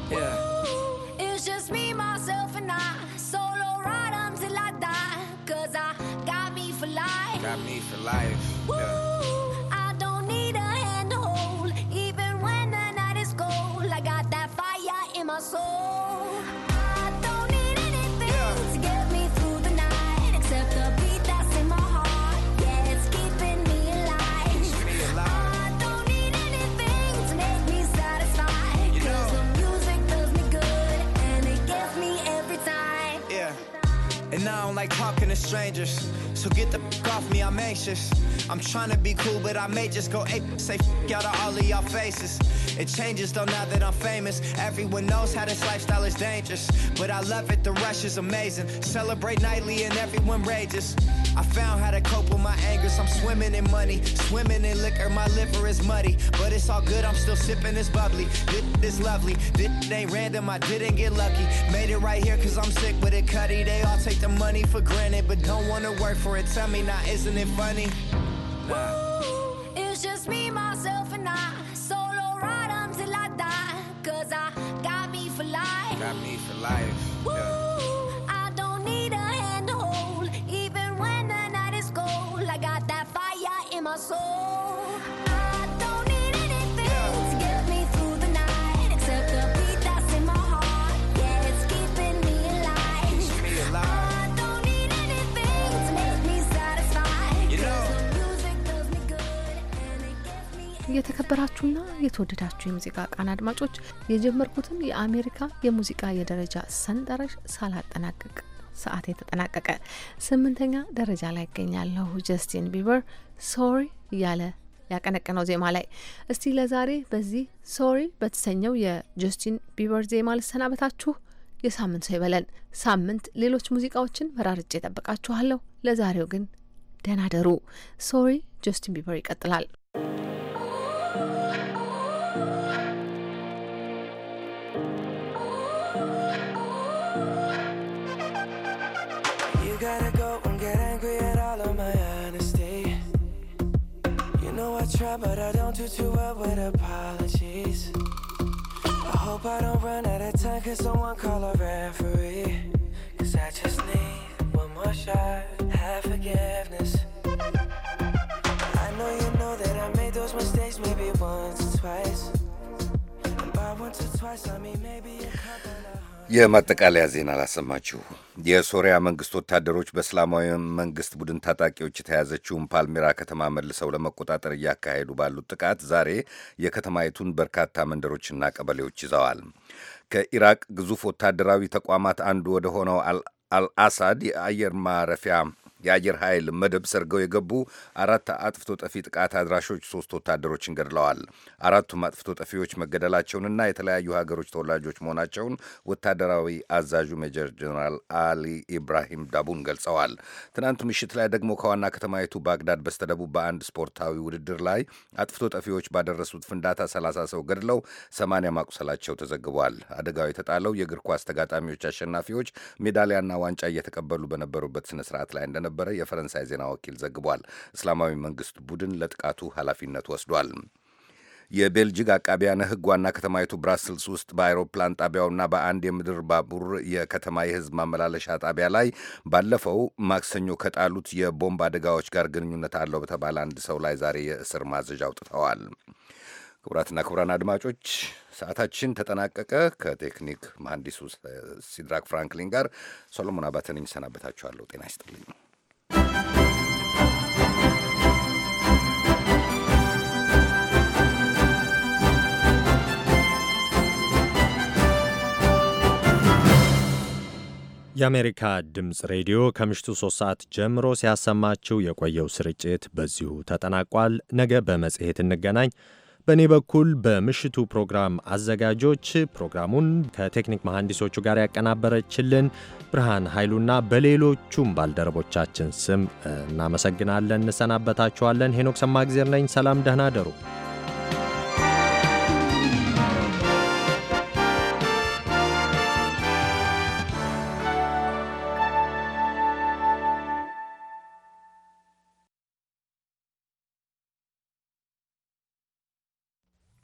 Yeah. Ooh, it's just me, myself, and I. Solo ride until I die. Cause I got me for life. Got me for life. Yeah. like talking to strangers. So get the f off me, I'm anxious. I'm trying to be cool, but I may just go ape. Say f out of all of y'all faces. It changes though now that I'm famous. Everyone knows how this lifestyle is dangerous. But I love it, the rush is amazing. Celebrate nightly and everyone rages. I found how to cope with my angers. I'm swimming in money, swimming in liquor. My liver is muddy, but it's all good. I'm still sipping this bubbly. This is lovely. This ain't random. I didn't get lucky. Made it right here cause I'm sick with it, Cuddy. They all take the money for granted, but don't wanna work for it. Tell me now, isn't it funny? it's just me, myself, and I. Solo I I got me for life. Got me for life. I don't need a hand to hold. Even when the night is cold, I got that fire in my soul. የተከበራችሁና የተወደዳችሁ የሙዚቃ ቃን አድማጮች የጀመርኩትን የአሜሪካ የሙዚቃ የደረጃ ሰንጠረዥ ሳላጠናቀቅ ሰዓት የተጠናቀቀ ስምንተኛ ደረጃ ላይ ይገኛለሁ። ጀስቲን ቢበር ሶሪ እያለ ያቀነቀነው ዜማ ላይ እስቲ ለዛሬ በዚህ ሶሪ በተሰኘው የጀስቲን ቢበር ዜማ ልሰናበታችሁ። የሳምንት ሰው ይበለን። ሳምንት ሌሎች ሙዚቃዎችን መራርጬ ጠብቃችኋለሁ። ለዛሬው ግን ደናደሩ ደሩ። ሶሪ ጀስቲን ቢበር ይቀጥላል። but I don't do too well with apologies. I hope I don't run out of time, cause someone call a referee. Cause I just need one more shot, have forgiveness. I know you know that I made those mistakes maybe once or twice. And by once or twice, I mean maybe a couple. የማጠቃለያ ዜና ላሰማችሁ የሶሪያ መንግስት ወታደሮች በእስላማዊ መንግስት ቡድን ታጣቂዎች የተያዘችውን ፓልሜራ ከተማ መልሰው ለመቆጣጠር እያካሄዱ ባሉት ጥቃት ዛሬ የከተማይቱን በርካታ መንደሮችና ቀበሌዎች ይዘዋል። ከኢራቅ ግዙፍ ወታደራዊ ተቋማት አንዱ ወደ ሆነው አልአሳድ የአየር ማረፊያ የአየር ኃይል መደብ ሰርገው የገቡ አራት አጥፍቶ ጠፊ ጥቃት አድራሾች ሶስት ወታደሮችን ገድለዋል። አራቱም አጥፍቶ ጠፊዎች መገደላቸውንና የተለያዩ ሀገሮች ተወላጆች መሆናቸውን ወታደራዊ አዛዡ ሜጀር ጀነራል አሊ ኢብራሂም ዳቡን ገልጸዋል። ትናንት ምሽት ላይ ደግሞ ከዋና ከተማይቱ ባግዳድ በስተደቡብ በአንድ ስፖርታዊ ውድድር ላይ አጥፍቶ ጠፊዎች ባደረሱት ፍንዳታ 30 ሰው ገድለው 80 ማቁሰላቸው ተዘግቧል። አደጋው የተጣለው የእግር ኳስ ተጋጣሚዎች አሸናፊዎች ሜዳሊያና ዋንጫ እየተቀበሉ በነበሩበት ስነ ስርዓት ላይ እንደነበ እንደነበረ የፈረንሳይ ዜና ወኪል ዘግቧል። እስላማዊ መንግስት ቡድን ለጥቃቱ ኃላፊነት ወስዷል። የቤልጂግ አቃቢያነ ሕግ ዋና ከተማይቱ ብራስልስ ውስጥ በአይሮፕላን ጣቢያውና በአንድ የምድር ባቡር የከተማ የሕዝብ ማመላለሻ ጣቢያ ላይ ባለፈው ማክሰኞ ከጣሉት የቦምብ አደጋዎች ጋር ግንኙነት አለው በተባለ አንድ ሰው ላይ ዛሬ የእስር ማዘዣ አውጥተዋል። ክቡራትና ክቡራን አድማጮች ሰዓታችን ተጠናቀቀ። ከቴክኒክ መሐንዲሱ ሲድራክ ፍራንክሊን ጋር ሶሎሞን አባተነኝ ሰናበታችኋለሁ። ጤና ይስጥልኝ። የአሜሪካ ድምፅ ሬዲዮ ከምሽቱ ሶስት ሰዓት ጀምሮ ሲያሰማችው የቆየው ስርጭት በዚሁ ተጠናቋል። ነገ በመጽሔት እንገናኝ። በእኔ በኩል በምሽቱ ፕሮግራም አዘጋጆች ፕሮግራሙን ከቴክኒክ መሐንዲሶቹ ጋር ያቀናበረችልን ብርሃን ኃይሉና በሌሎቹም ባልደረቦቻችን ስም እናመሰግናለን። እንሰናበታችኋለን። ሄኖክ ሰማግዜር ነኝ። ሰላም፣ ደህና ደሩ።